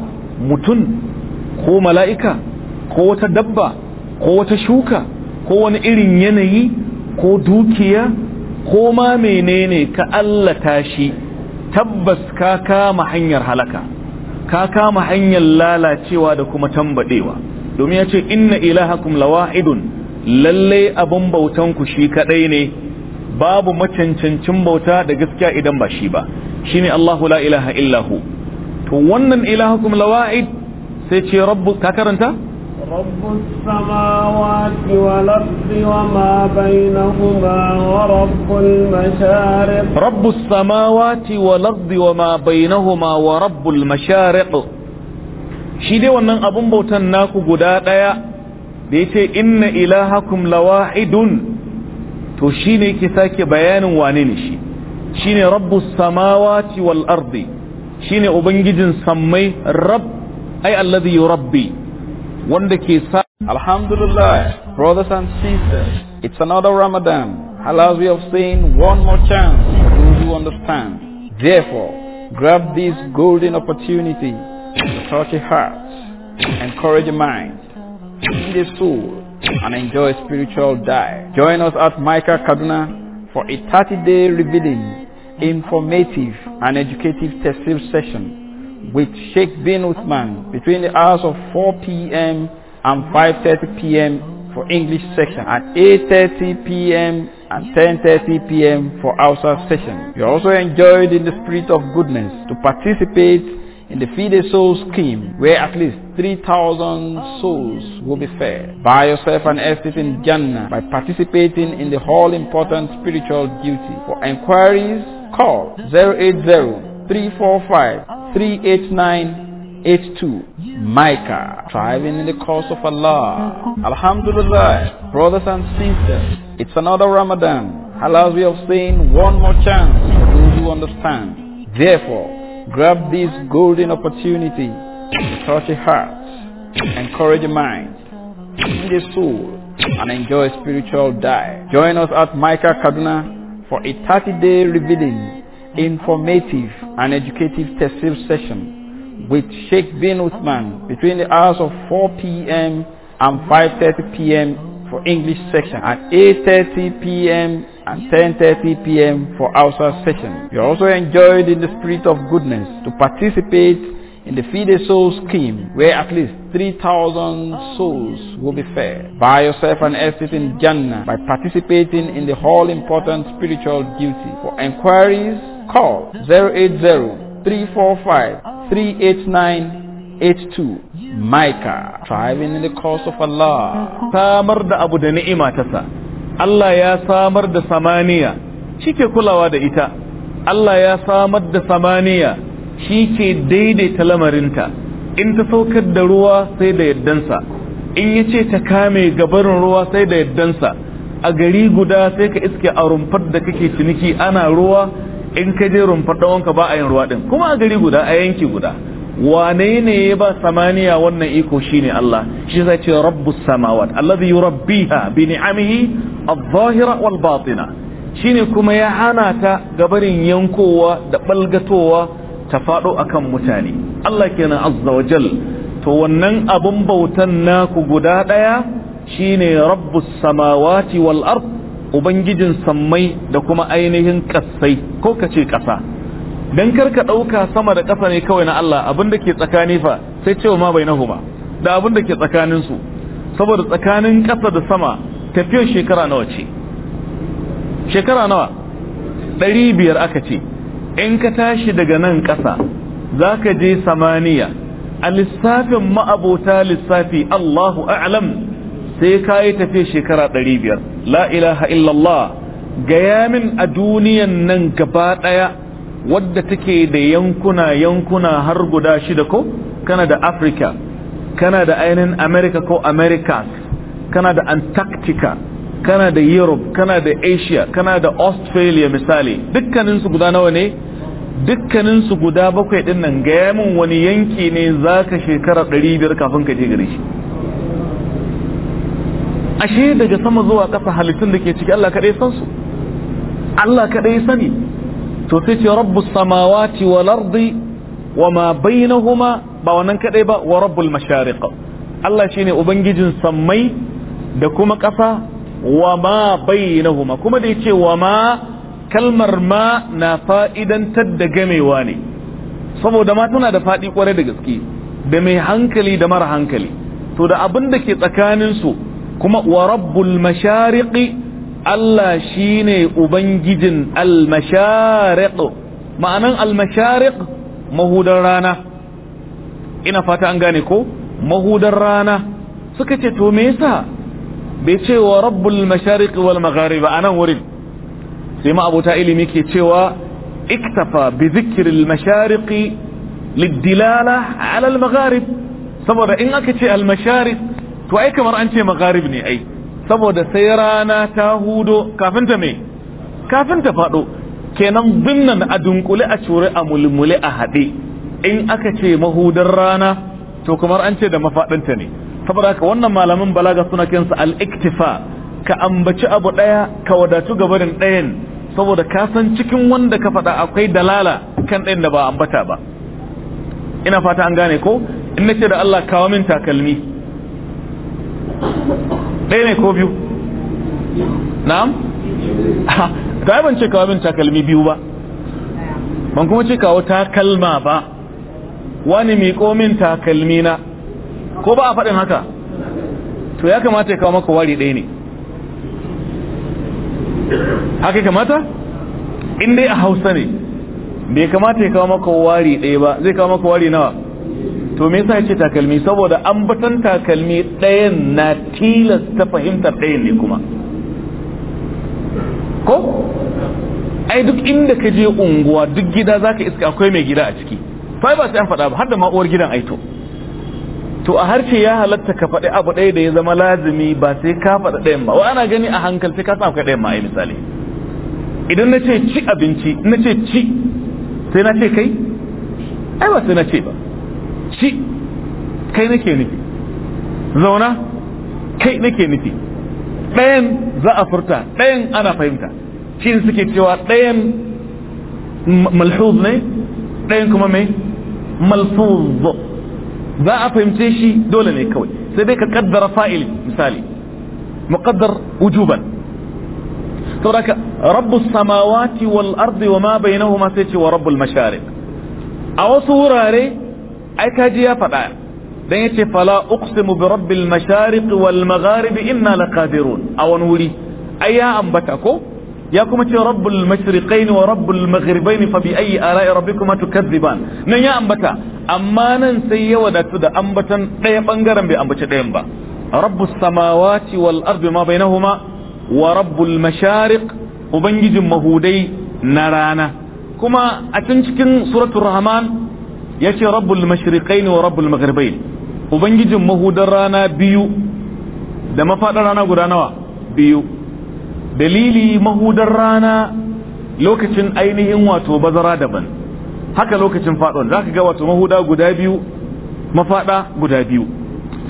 mutum ko mala'ika ko wata dabba ko wata shuka ko wani irin yanayi ko dukiya ko ma menene ka allata shi tabbas ka kama hanyar halaka ka kama hanyar lalacewa da kuma tambadewa domin ya ce inna ilahakum lawahidun lalle abun bautan ku shi kadai ne babu macancancin bauta da gaskiya idan ba shi ba shine Allahu la ilaha illahu to wannan ilahakum lawahid sai ce rabbu ka karanta رب السماوات والأرض وما بينهما ورب المشارق رب السماوات والأرض وما بينهما ورب المشارق shi dai wannan abun bautan naku guda ɗaya da ya ce inna ilahakum lawahidun to shi ne sake bayanin wane ne shi shi ne rabbus samawati wal ardi shi ne ubangijin sammai rab ai alladhi rabbi wanda ke sa Alhamdulillah, brothers and sisters, it's another Ramadan. Allah's we of saying one more chance for you understand. Therefore, grab this golden opportunity to touch your heart, encourage your mind, feed your soul, and enjoy a spiritual dive. Join us at Micah Kaduna for a 30-day revealing, informative, and educative testive session with Sheikh bin Uthman between the hours of 4 p.m. and 5.30 p.m. for English section and 8.30 p.m. and 10.30 p.m. for Hausa session. You are also enjoyed in the spirit of goodness to participate in the Feed a Soul scheme where at least 3,000 souls will be fed. Buy yourself an estate in Jannah by participating in the all important spiritual duty. For inquiries, call 080 345 82 Micah. Striving in the cause of Allah. Alhamdulillah. Brothers and sisters. It's another Ramadan. Allah's we have seen one more chance for those who understand. Therefore, grab this golden opportunity to touch a heart, encourage a mind, feed a soul, and enjoy a spiritual diet. Join us at Micah Kaduna for a 30-day revealing, informative, an educative tafsir session with Sheikh bin Uthman between the hours of 4 p.m. and 5.30 p.m. for English section and 8.30 p.m. and 10.30 p.m. for Hausa session. You are also enjoyed in the spirit of goodness to participate in the Feed a Soul scheme where at least 3,000 souls will be fed. Buy yourself an estate in Jannah by participating in the all important spiritual duty. For enquiries, Call 080-345-38982. Mica thriving in the cause of Allah. Samar da abu da ni'ima tasa. Allah ya samar da samaniya, shi ke kulawa da ita. Allah ya samar da samaniya, shi ke daidaita lamarinta. In ta saukar da ruwa sai da yaddansa, in ya ce ta kame gabarin ruwa sai da yaddansa. a gari guda sai ka iske a rumfar da kake ciniki ana ruwa in ka je rumfar ɗawanka ba a yin ruwa ɗin kuma a gari guda a yanki guda wane ne ya ba samaniya wannan iko shine Allah shi zai ce rabbu samawat alladhi yurabbiha bi ni'amihi adh-dhahira wal batina shine kuma ya hana ta gabarin yankowa da balgatowa ta fado akan mutane Allah kenan azza wa jal to wannan abun bautan naku guda daya shine rabbus samawati wal ard ubangijin sammai da kuma ainihin ƙasai ko ka ce ƙasa don karka ɗauka sama da ƙasa ne kawai na Allah abin da ke tsakani fa sai cewa ma bai ba da abin da ke tsakaninsu saboda tsakanin ƙasa da sama tafiyar shekara nawa ce shekara nawa ɗari biyar aka ce in ka tashi daga nan ƙasa za ka je samaniya a lissafin ma'abota lissafi Allahu a'lam sai ka yi tafiya shekara ɗari biyar la ilaha illallah gaya min a duniyan nan gaba ɗaya wadda take da yankuna yankuna har guda shida ko kana da Afirka, kana da ainihin america ko americas kana da antarctica kana da europe kana da asia kana da australia misali dukkaninsu guda nawa ne dukkaninsu guda bakwai dinnan nan gaya min wani yanki ne za ka shekara biyar kafin ka je gari shi ashe daga sama zuwa ƙasa halittun da ke ciki Allah kaɗai san su Allah kaɗai sani to sai ce rabbu samawati wa lardi wa ma bainahuma ba wannan kaɗai ba wa rabbul mashariq Allah shine ubangijin sammai da kuma ƙasa wa ma bainahuma kuma da yace wa ma kalmar ma na fa'idantar da gamewa ne saboda ma tana da faɗi kware da gaske da mai hankali da mara hankali to da abin da ke tsakaninsu kuma wa rabbul mashariqi Allah shine ubangijin al-mashariq ma'anan al-mashariq rana ina fata an gane ko mahudar rana suka ce to me yasa bai ce wa rabbul mashariq wal magharib anan wurin sai ma abota ilimi ke cewa iktafa bi dhikri al mashariq lidilala ala al saboda in aka ce al to ai kamar an ce magharib ne ai saboda sai rana ta hudo kafin ta me kafin ta fado kenan binnan a dunkule a cure a mulmule a haɗe in aka ce mahudar rana to kamar an ce da mafaɗanta ne saboda haka wannan malamin balaga suna kinsa al-iktifa ka ambaci abu ɗaya ka wadatu gabarin ɗayan saboda ka san cikin wanda ka faɗa akwai dalala kan ɗayan da ba ambata ba ina fata an gane ko in nace da Allah kawo min takalmi ɗaya ne ko biyu na'am <laughs> ta ban ce kawo min takalmi biyu ba ban kuma ce kawo takalma ba wani mai komin takalmi na ko ba a faɗin haka to ya kamata ya kawo maka wari ɗaya ne haka kamata in dai a hausa ne bai kamata ya kawo maka wari ɗaya ba zai kawo maka wari nawa to me yasa yace takalmi saboda ambatan takalmi ɗayan na tilasta fahimtar ɗayan ne kuma ko ai duk inda ka je unguwa duk gida zaka iska akwai mai gida a ciki fa ba sai an faɗa ba har da ma uwar gidan aito to a harshe ya halatta ka faɗi abu ɗaya da ya zama lazimi ba sai ka faɗa ɗayan ba wa ana gani a sai ka san akwai ɗayan ma ai misali idan na ce ci abinci na ce ci sai na ce kai ai ba sai na ce ba ci kai nake nufi zauna kai nake nufi ɗayan za a furta ɗayan ana fahimta shi suke cewa ɗayan malhuz ne ɗayan kuma mai malfuz za a fahimce shi dole ne kawai sai dai ka kaddara fa'il misali muqaddar wujuban saboda ka rabbus samawati wal ardi wa ma bainahuma sai ce wa rabbul mashariq a wasu wurare ai ji ya faɗa dan yace fala uqsimu bi rabbil mashariq wal magharib inna laqadirun a wani wuri ai ya ambata ko ya kuma ce rabbul mashriqain wa rabbul maghribain fa bi ayi ala'i rabbikuma tukazziban nan ya ambata amma nan sai ya wadatu da ambatan ɗaya bangaren bai ambaci ɗayan ba rabbus samawati wal ardi ma bainahuma wa rabbul mashariq ubangijin mahudai na rana kuma a cikin suratul rahman yace rabbul ne wa rabbul maghribain ubangijin mahudar rana biyu da mafaɗar rana guda nawa biyu dalili mahudar rana lokacin ainihin wato bazara daban haka lokacin faɗon za ka ga wato mahuda guda biyu mafaɗa guda biyu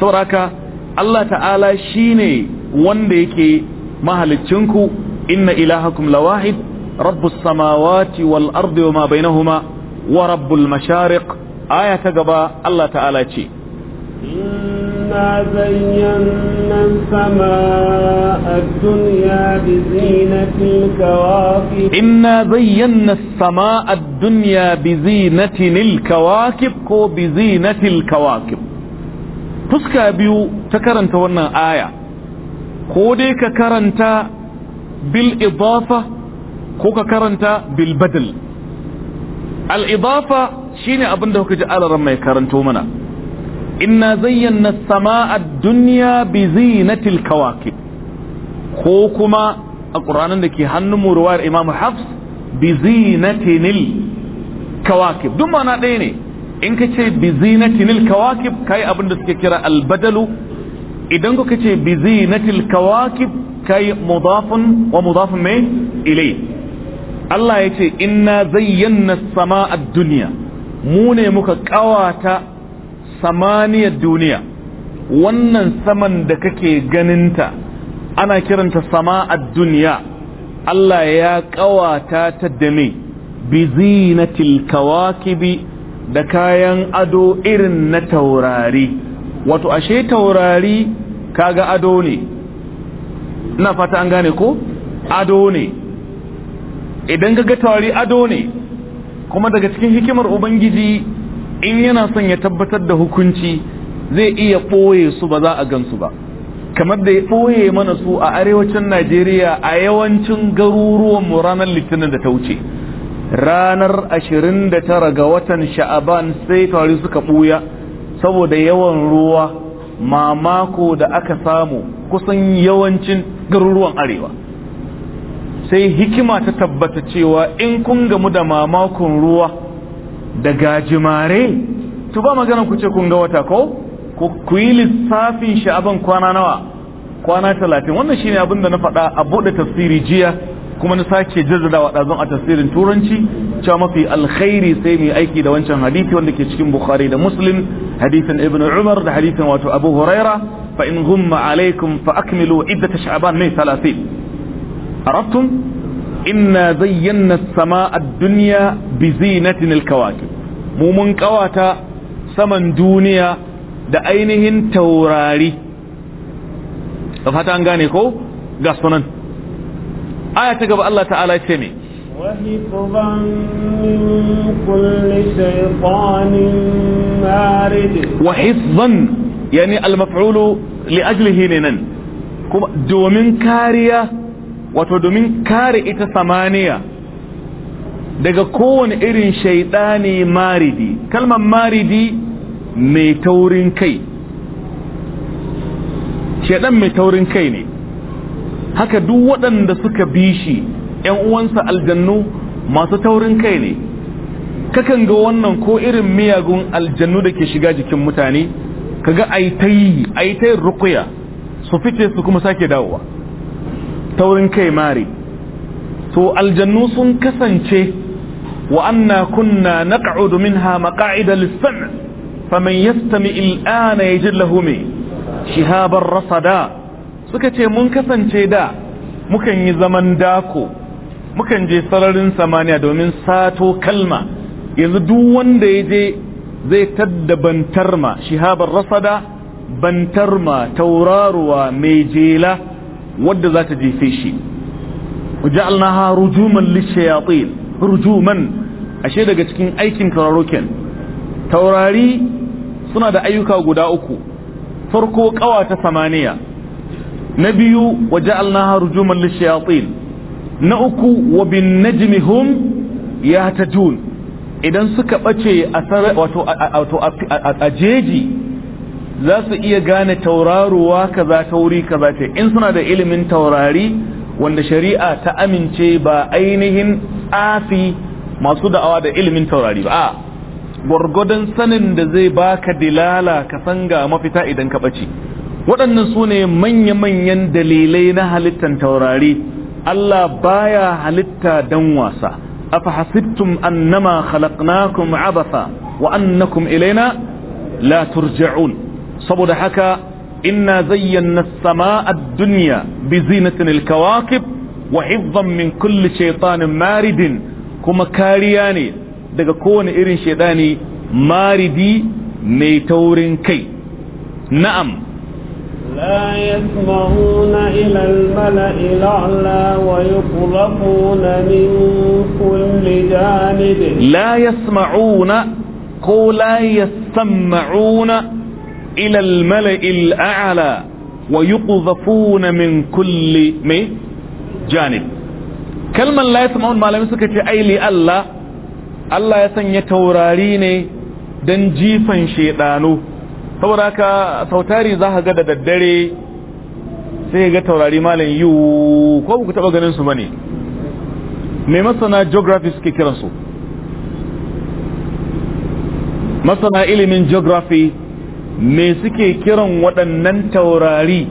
saboda haka Allah ta'ala shine wanda yake mahalicinku inna ilahakum lawahid rabbus samawati wal ardi wa ma bainahuma ورب المشارق آية تقبى الله تعالى تشي إنا زينا السماء الدنيا بزينة الكواكب إنا زينا السماء الدنيا بزينة الكواكب كو بزينة الكواكب fuska بيو تكرنت ونا آية كوديك كرنت بالإضافة كوكا كرنت بالبدل al'idafa shine abin da kuka ji alaran mai karanto mana inna zayyana sama'a duniya bi zinatil kawakib ko kuma a ƙuranin da ke hannun muruwar imamu hafs bi zinatinil kawakib duk mana ɗaya ne in ka ce bi zinatinil kawakib kayi abin da suke kira albadalu idan kuka ce bi zinatil kawakib kai mudafin wa mudafin mai ilai Allah ya ce inna zayyana sama a duniya mu ne muka kawata samaniyar duniya wannan saman da kake ganinta ana kiranta sama a duniya Allah ya kawata ta da me bi zinatil kawakibi da kayan ado irin na taurari wato ashe taurari kaga ado ne na fata an gane ko ado ne idan ga tari ado ne kuma daga cikin hikimar ubangiji in yana son ya tabbatar da hukunci zai iya ɓoye su ba za a gansu ba kamar da ya ɓoye mana su a arewacin najeriya a yawancin garuruwan mu ranar litinin da ta wuce ranar tara ga watan sha'aban sai tari suka ɓuya saboda yawan ruwa mamako da aka samu kusan yawancin garuruwan arewa sai hikima ta tabbata cewa in kun gamu da mamakon ruwa da gajimare to ba magana ku ce kun ga wata ko ku yi lissafin sha'aban kwana nawa kwana talatin wannan shine ne abinda na faɗa a buɗe tafsiri jiya kuma na sake jaddada wa ɗazon a tafsirin turanci cewa mafi alkhairi sai mai aiki da wancan hadisi wanda ke cikin bukhari da muslim hadisin ibn umar da hadisin wato abu huraira fa in gumma alaikum fa akmilu iddat sha'aban mai 30 عرفتم إنا زينا السماء الدنيا بزينة الكواكب mu mun kawata saman duniya da ainihin taurari da fata an gane ko ga sunan aya ta gaba Allah ta'ala ce ne وحفظا من كل شيطان مارد وحفظا يعني المفعول لأجله ننن دومن كاريا wato domin kare ita samaniya daga kowane irin shaidani maridi kalmar maridi mai taurin kai shaidan mai taurin kai ne haka duk waɗanda suka bi shi ‘yan uwansa aljannu masu taurin kai ne kakan ga wannan ko irin miyagun aljannu da ke shiga jikin mutane kaga aitayi aitayin rukuya su fice su kuma sake dawowa taurin kai mari to aljannu sun kasance wa anna kunna naq'udu minha maq'ida lis-sam' faman yastami al-ana yajid lahu mi shihaban rasada suka ce mun kasance da mukan yi zaman dako mukan je sararin samaniya domin sato kalma yanzu duk wanda ya je zai tadda bantarma shihaban rasada bantarma tauraruwa mai jela wadda za ta jefe shi ja'alnaha rujuman lishayatin rujuman ashe daga cikin aikin kararoken taurari suna da ayyuka guda uku farko kawa ta samaniya na biyu waja'alnaha rujuman lishayatin na uku wa bin najmi hum yahtajun idan suka bace a wato a jeji za su iya gane tauraruwa kaza ta wuri kaza ta in suna da ilimin taurari wanda shari'a ta amince ba ainihin asi masu da'awa da ilimin taurari ba a gwargwadon sanin da zai baka dilala ka san ga mafita idan ka ɓace waɗannan su ne manya-manyan dalilai na halittan taurari Allah baya halitta dan wasa afa hasibtum annama khalaqnakum abasa wa annakum ilaina la turja'un saboda haka inna zayyana sama'a dunya bi zinatin alkawakib wa hifdhan min kulli shaytanin maridin kuma kariya ne daga kowane irin shaydani maridi mai taurin kai na'am la yasmauna ila al-mala'i la'la wa ويطلقون min kulli janibin la yasmauna قو la yasmauna إلى الملأ الأعلى ويقذفون من كل جانب كلمة لا يسمعون ما لم يسكت أي لألا Allah ya sanya taurari ne don jifan shedanu saboda ka sautari za ka ga da daddare sai ga taurari malam yiwu ko ku taba ganin su bane me masana geography suke kiransu masana ilimin geography me suke kiran waɗannan taurari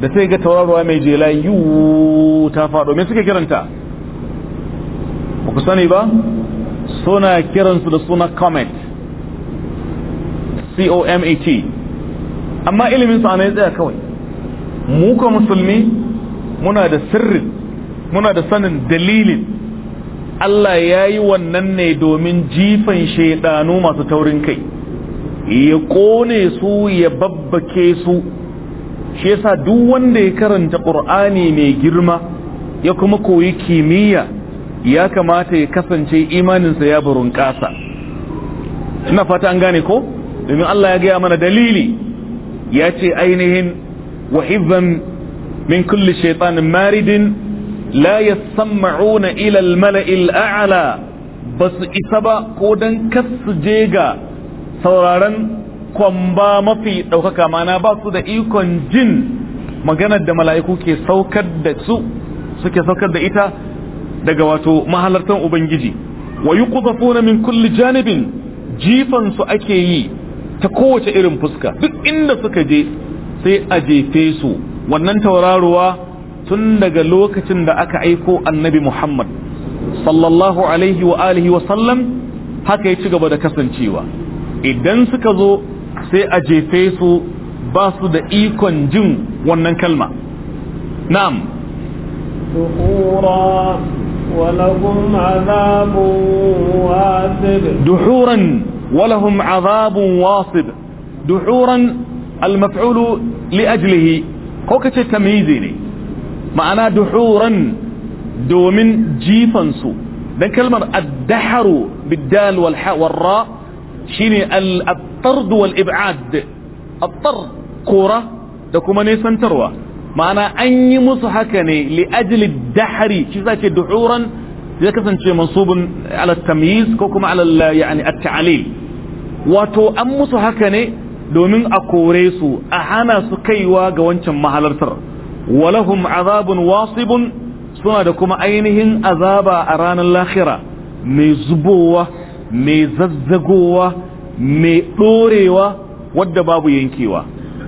da sai ga tauraruwa mai jela yiwu ta faɗo me suke kiranta ba ku sani ba suna kiransu da suna comet c-o-m-e-t amma ilimin sa ya tsaya kawai muka musulmi muna da sirrin muna da sanin dalilin Allah ya yi wannan ne domin jifan shaidanu masu taurin kai ya kone su ya babbake su shi yasa duk wanda ya karanta qur'ani mai girma ya kuma koyi kimiyya ya kamata ya kasance imaninsa ya burun kasa ina fata an gane ko domin Allah ya gaya mana dalili ya ce ainihin wahibban min kulli shaitanin maridin la yasma'una ila al-mala'il ba basu isa ba ko dan kasu je ga sauraron kwamba mafi ɗaukaka mana ba su da ikon jin maganar da mala'iku ke saukar da su suke saukar da ita daga wato mahalartan ubangiji wa yuqdhafuna min kulli janibin jifan su ake yi ta kowace irin fuska duk inda suka je sai a jefe su wannan tauraruwa tun daga lokacin da aka aiko annabi Muhammad sallallahu alaihi wa alihi wa sallam haka ya ci gaba da kasancewa idan suka zo sai a jefe su ba su da ikon jin wannan kalma na'am duhura walahum azabun wasib duhuran walahum azabun wasib duhuran almaf'ulu li ajlihi ko kace tamyizi ne ma'ana duhuran domin jifansu dan kalmar addaharu dahru bid-dal wal ha wal ra shine al-tard wal ib'ad at kura kora da kuma nesantarwa ma'ana an yi musu haka ne li ajli dahri shi zace duhuran zai kasance mansubun ala tamyiz ko kuma ala yani at-ta'lil wato an musu haka ne domin a kore su a hana su kaiwa ga wancan mahalartar walahum azabun wasibun suna da kuma ainihin azaba a ranar lahira mai zubowa mai zazzagowa mai ɗorewa wadda babu yankewa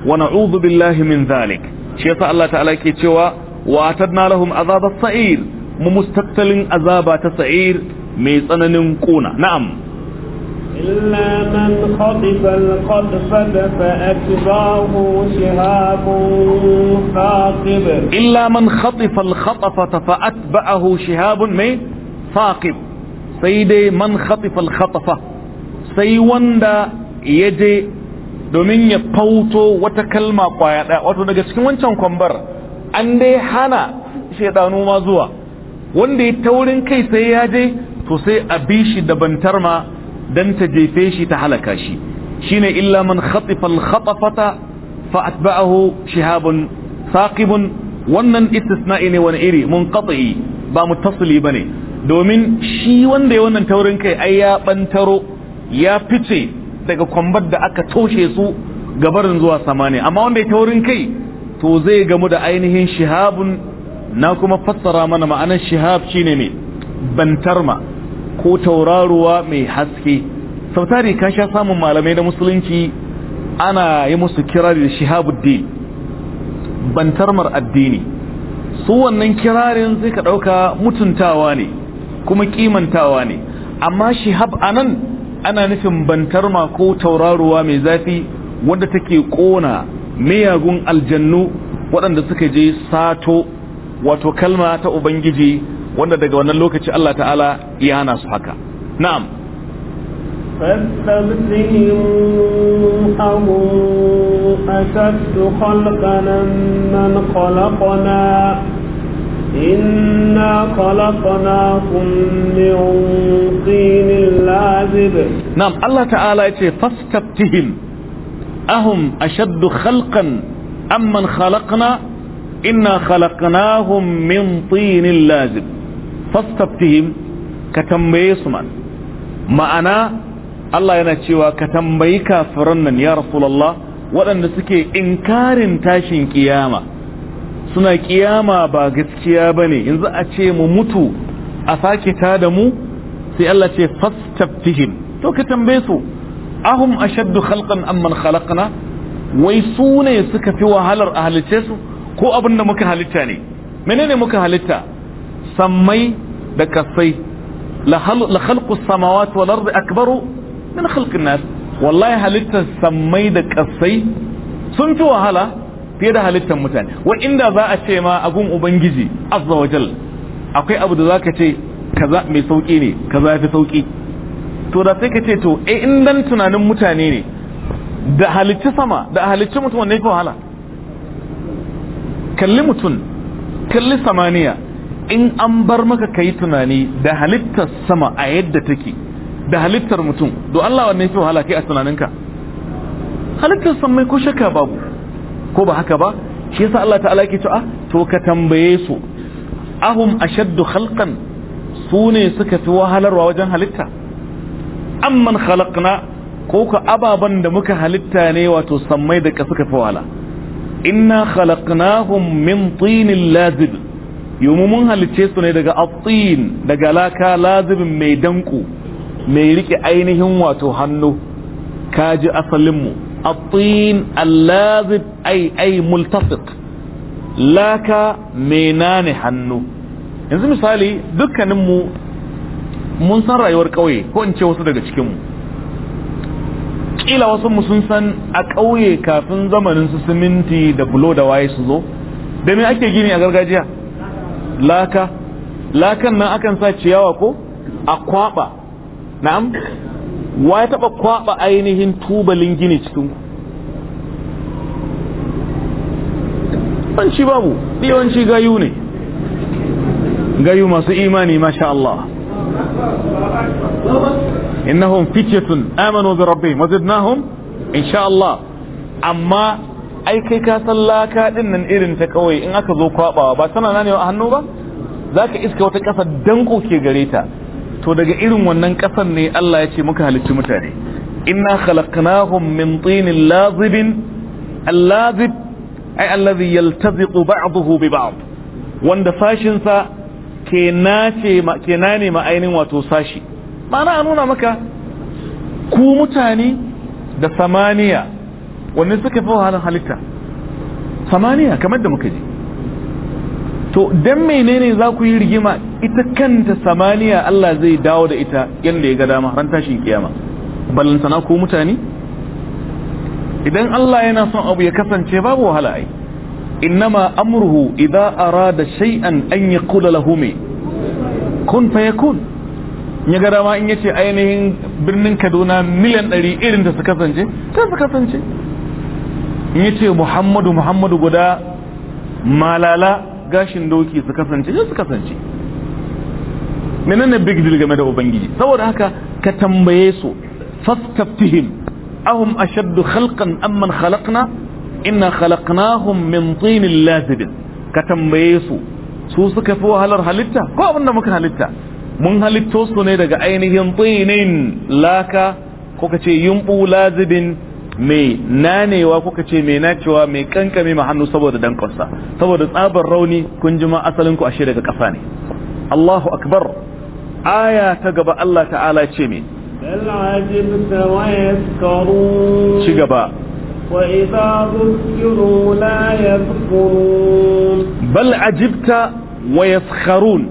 wa na'udhu billahi min zalik shi yasa Allah ta'ala ke cewa wa atadna lahum azaba sa'ir mu mustaqtalin azaba ta sa'ir mai tsananin kuna na'am illa man khatifa al إلا fa خطف القذفة faqib illa man khatifa al خطف fa فأتبعه shihabun من faqib sai dai man khatifal khatafa sai wanda ya je domin ya fauto wata kalma kwaya wato daga cikin wancan kwambar an dai hana shaidanu ma zuwa wanda ya taurin kai sai ya je to sai a bi shi da bantar ma dan ta jefe shi ta halaka shi shine illa man khatifa al-khatafata fa atba'ahu shihabun saqibun wannan istisna'i ne wani iri munqati ba muttasili bane domin shi wanda ya wannan taurin kai ai ya bantaro ya fice daga kwambar da aka toshe su gabarin zuwa samaniya amma wanda ya taurin kai to zai gamu da ainihin shihabun na kuma fassara mana ma'anar shihab shine ne bantarma ko tauraruwa mai haske sautari ka sha samun malamai da musulunci ana yi musu kirari da shihabuddin bantarmar addini su wannan kirarin zai ka ɗauka mutuntawa ne kuma kimantawa ne amma shi shihab anan ana nufin bantar ma ko tauraruwa mai zafi wanda take kona miyagun aljannu waɗanda suka je sato wato kalma ta ubangiji wanda daga wannan lokaci Allah ta'ala ya hana su haka na'am فاستغفرهم أشد خلقنا من خلقنا إنا خلقناكم من طين لازب نعم الله تعالى يتي فاستفتهم أهم أشد خلقا أم من خلقنا إنا خلقناهم من طين لازب فاستفتهم كتنبيه سمان معنا الله ينتشيوا كتنبيه كافرنا يا رسول الله ولن نسكي إنكار تاشين kiyama suna kiyama ba gaskiya ba ne yanzu a ce mu mutu a sake ta da mu sai Allah ce fastaftihim to ka tambaye su ahum ashaddu khalqan amman khalaqna wai su ne suka fi wahalar a halitta su ko abin da muka halitta ne menene muka halitta sammai da kasai la khalqu samawati wal ardi akbaru min khalqin nas wallahi halittar sammai da kasai sun fi wahala fiye da halittar mutane wa inda za a ce ma abun ubangiji azza wajal akwai abu da zaka ce kaza mai sauki ne kaza fi sauki to da sai ka ce to eh in dan tunanin mutane ne da halicci sama da halitta mutum wanda yake wahala kalli mutum kalli samaniya in an bar maka kai tunani da halittar sama a yadda take da halittar mutum do Allah wanne yake wahala kai a tunaninka halittar sama ko shakka babu ko ba haka ba shi yasa Allah ta'ala yake cewa ah, to ka tambaye su ahum ashaddu khalqan su ne suka fi wahalarwa wajen halitta amman khalaqna ko ka ababan da muka halitta ne wato sammai da suka fi wahala inna khalaqnahum min tinin lazib yomu mun halice su ne daga atsin daga laka lazibin mai danko mai rike ainihin wato hannu kaji asalinmu الطين اللازب أي أي ملتصق laka mai nane hannu yanzu misali dukkaninmu mun san rayuwar ƙauye ko in ce wasu daga cikinmu ƙila wasu mu sun san a ƙauye kafin zamanin su siminti da bulo da waye su zo da ake gini a gargajiya laka lakan nan akan sa ciyawa ko a kwaba na'am wa ya taɓa kwaɓa ainihin tubalin gini cikin banci babu yawanci gayu ne gayu masu imani masha Allah innahum fityatun amanu bi rabbihim wazidnahum insha Allah amma ai kai ka sallaka din nan irin ta kawai in aka zo kwabawa ba tana nanewa a hannu ba zaka iska wata kasa danko ke gare ta to daga irin wannan kasan ne Allah ya ce muka halicci mutane inna khalaqnahum min tinin lazibin allazib ay allazi yaltaziqu ba'dahu bi ba'd wanda sashin sa ke nace ma ke nane ma ainin wato sashi ma'ana a nuna maka ku mutane da samaniya wanne suka fi wahalar halitta samaniya kamar da muka ji to dan menene za ku yi rigima ita kanta samaniya Allah zai dawo da ita yadda ya ga dama ran tashin kiyama ballantana ko mutane idan Allah yana son abu ya kasance babu wahala ai innama amruhu idza arada shay'an an yaqula lahu me kun fayakun ya ga dama in yace ainihin birnin Kaduna miliyan 100 irin da su kasance ta su kasance in yace Muhammadu Muhammadu guda malala gashin doki su kasance su kasance menene big deal game da ubangiji saboda haka ka tambaye su fastaftihim ahum ashaddu khalqan amman khalaqna inna khalaqnahum min tinin lazibin ka tambaye su su suka fi wahalar halitta ko abinda muka halitta mun halitto su ne daga ainihin tsinin laka ko ka ce yumbu lazibin mai nanewa kuka ce mai nacewa mai kankame ma hannu saboda dankonsa saboda tsabar rauni kun ji ma asalin ku ashe daga ƙasa ne Allahu akbar aya ta gaba Allah ta'ala ce me ci gaba وإذا ذكروا لا يذكرون بل عجبت ويسخرون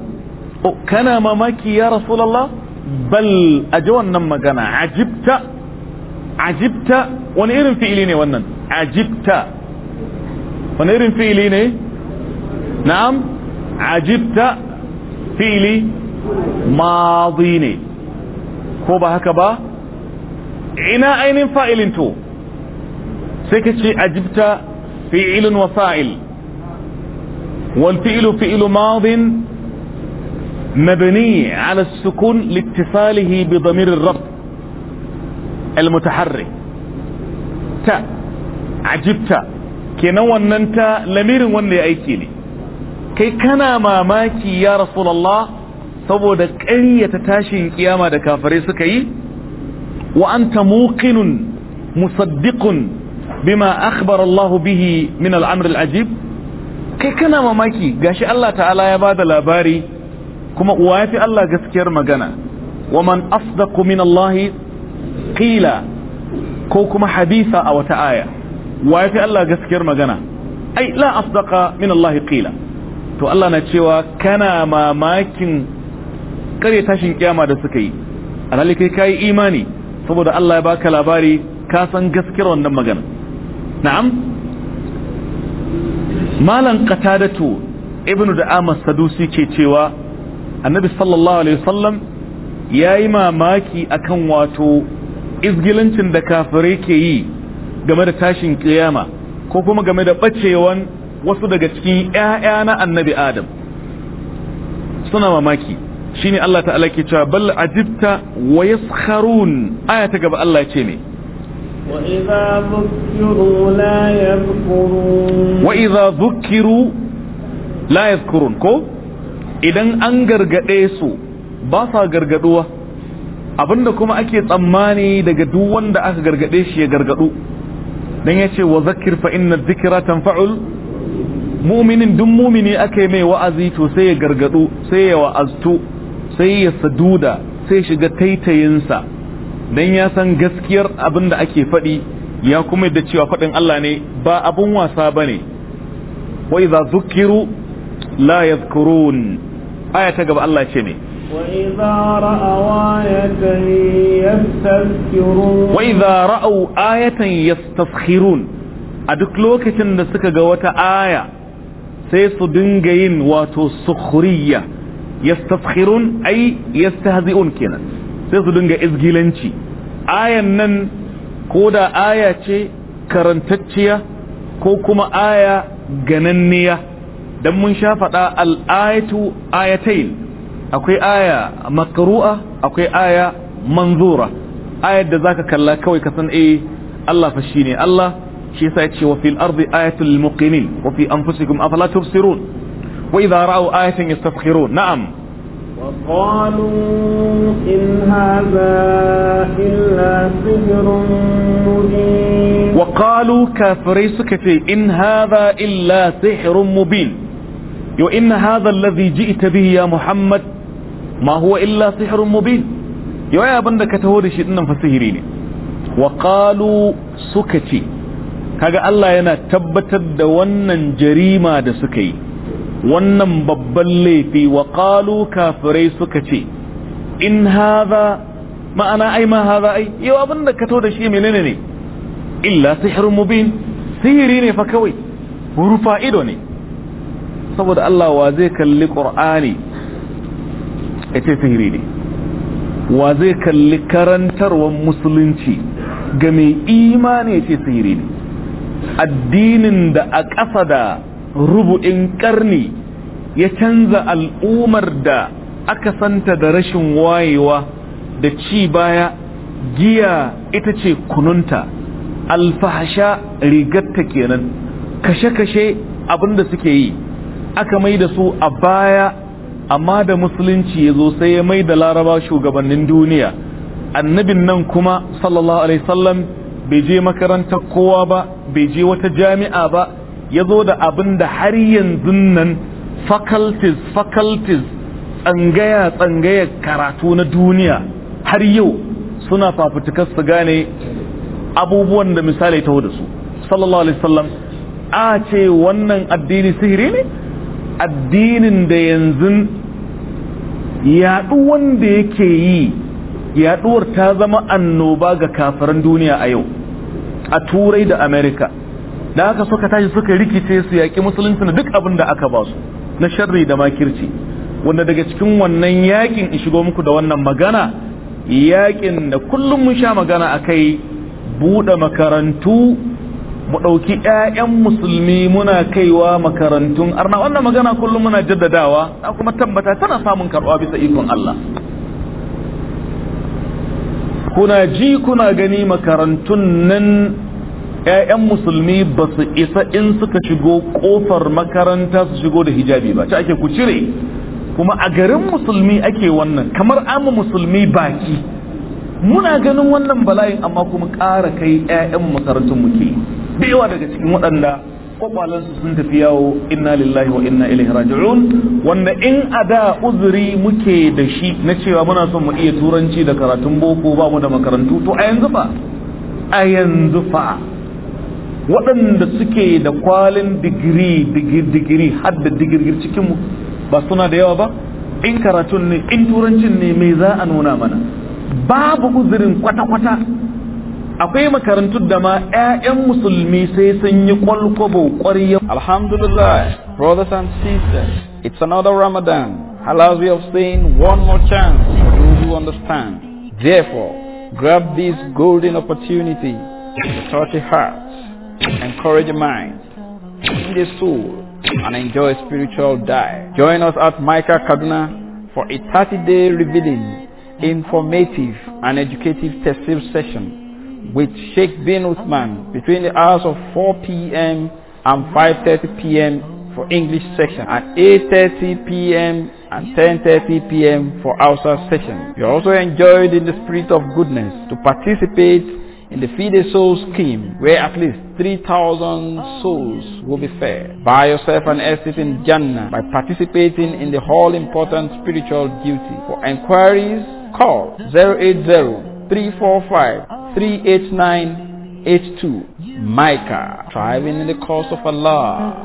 كان مماكي يا رسول الله بل أجوان نما كان عجبت عجبت wani irin fi'ili ne wannan ajibta wani irin fi'ili ne na'am ajibta fi'ili madhi ne ko ba haka ba ina ainihin fa'ilin to sai ka ce ajibta fi'ilun wa fa'il wal fi'ilu fi'ilu ماض مبني على السكون لاتصاله بضمير الرب المتحرك ajibta ajibta kenan wannan ta lamirin wanda ya aiki ne kai kana mamaki ya rasulullah saboda ƙaryata tashin kiyama da kafare suka yi wa anta muqinun musaddiqun bima akhbara Allah bihi min al-amr al-ajib kai kana mamaki gashi Allah ta'ala ya bada labari kuma uwa yafi Allah gaskiyar magana wa man asdaqu min Allah qila ko kuma hadisa a wata aya wa ya fi Allah gaskiyar magana ai la asdaqa min Allah qila to Allah na cewa kana mamakin kare tashin kiyama da suka yi alhali kai kai imani saboda Allah ya baka labari ka san gaskiyar wannan magana na'am malan qatadatu ibnu da'ama sadusi ke cewa annabi sallallahu alaihi wasallam yayi mamaki akan wato izgilancin da kafirai ke yi game da tashin kiyama ko kuma game da bacewan wasu daga cikin ‘ya'ya na annabi Adam suna mamaki shi ne Allah ta'ala ke cewa bal ajibta wa yaskharun aya ta gaba Allah ce mai wa'iza zukiru la yaskurun ko idan an gargade su ba sa gargaduwa abinda kuma ake tsammani daga duk wanda aka gargade shi ya gargadu dan yace wa zakir fa inna dhikra tanfa'ul mu'minin duk mu'mini ake mai wa'azi to sai ya gargadu sai ya wa'aztu sai ya saduda sai shiga taitayinsa dan ya san gaskiyar abinda ake faɗi ya kuma yadda cewa faɗin Allah ne ba abun wasa bane wa idza zukiru la yadhkurun aya ta gaba Allah ce ne وإذا رأوا آية يستسخرون وإذا رأوا آية يستسخرون أدك لوكة نسك قوة آية سيس دنجين واتو سخرية يستسخرون أي يستهزئون كنا سيس دنجا إزجيلنشي آية نن كودا آية karantacciya ko kuma aya gananniya don mun sha faɗa al'ayatu ayatain akwai aya makru'a akwai aya manzura ayar da zaka kalla kawai ka san eh Allah fa shine Allah shi yasa yace wa fil ardi ayatul lil muqimin wa fi anfusikum afala tubsirun wa idha ra'u ayatan yastakhirun na'am wa qalu in hadha illa sihrun mubin wa qalu kafirai suka ce in hadha illa sihrun mubin yo in hadha alladhi ji'ta bihi ya muhammad ma huwa illa sihrun mubin ya abin da ka taho da shi dinnan fasihiri ne wa qalu suka ce kaga Allah yana tabbatar da wannan jarima da suka yi wannan babban laifi wa qalu kafirai suka ce in hadha ma'ana ai ma hadha ai yau abin da ka taho da shi menene ne illa sihrun mubin sihiri ne fa kawai rufa ido ne saboda Allah wa zai kalli Qur'ani ya ce sihiri ne wa zai kalli karantarwar musulunci ga mai imani ya ce sihiri ne addinin da a ƙasa da rubu'in ƙarni ya canza al'ummar da aka santa da rashin wayewa da ci baya giya ita ce kununta alfahasha rigatta kenan kashe-kashe abinda suke yi aka mai da su a baya amma da musulunci ya zo sai ya mai da laraba shugabannin duniya annabin nan kuma sallallahu alaihi sallam bai je makarantar kowa ba bai je wata jami'a ba ya zo da abinda har yanzu nan faculties faculties tsangaya tsangaya karatu na duniya har yau suna fafutukar su gane abubuwan da misali taho da su sallallahu alaihi sallam a ce wannan addini sihiri ne addinin da yanzu yaɗuwan da yake yi yaɗuwar ta zama annoba ga kafaran duniya a yau a turai da amerika da haka suka tashi suka rikice su yaƙi musulunci na duk abin da aka ba su na sharri da makirci wanda daga cikin wannan yaƙin in shigo muku da wannan magana yaƙin da kullum mun sha magana a kai buɗe makarantu mu ɗauki 'ya'yan musulmi muna kaiwa makarantun arna wannan magana kullum muna jaddadawa na kuma tabbata tana samun karɓa bisa ikon Allah kuna ji kuna gani makarantun nan 'ya'yan musulmi ba su isa in suka shigo ƙofar makaranta su shigo da hijabi ba ci ake ku cire kuma a garin musulmi ake wannan kamar amu musulmi baki muna ganin wannan bala'in amma kuma ƙara kai 'ya'yan makarantun muke da yawa daga cikin waɗanda kwakwalansu sun tafi yawo inna lillahi wa inna ilaihi raji'un wanda in a da uzuri muke da shi na cewa muna son mu iya turanci da karatun boko ba mu da makarantu to a yanzu fa a yanzu fa waɗanda suke da kwalin digiri digiri digiri har da digirgir cikin mu ba suna da yawa ba in karatun ne in turancin ne me za a nuna mana babu uzurin kwata-kwata akwai da musulmi sai sun yi kwalkwabo alhamdulillah brothers and sisters it's another ramadan allows we of staying one more chance for those who understand therefore grab this golden opportunity to touch a heart encourage a mind feed a soul and enjoy a spiritual diet. join us at micah kaduna for a 30-day revealing informative and educative testing session with Sheikh bin Uthman between the hours of 4 p.m. and 5.30 p.m. for English section and 8.30 p.m. and 10.30 p.m. for Hausa section. You are also enjoyed in the spirit of goodness to participate in the Feed a Soul scheme where at least 3,000 souls will be fed. Buy yourself an estate in Jannah by participating in the all important spiritual duty. For inquiries, call 080 345 389 82. Micah, striving in the cause of Allah.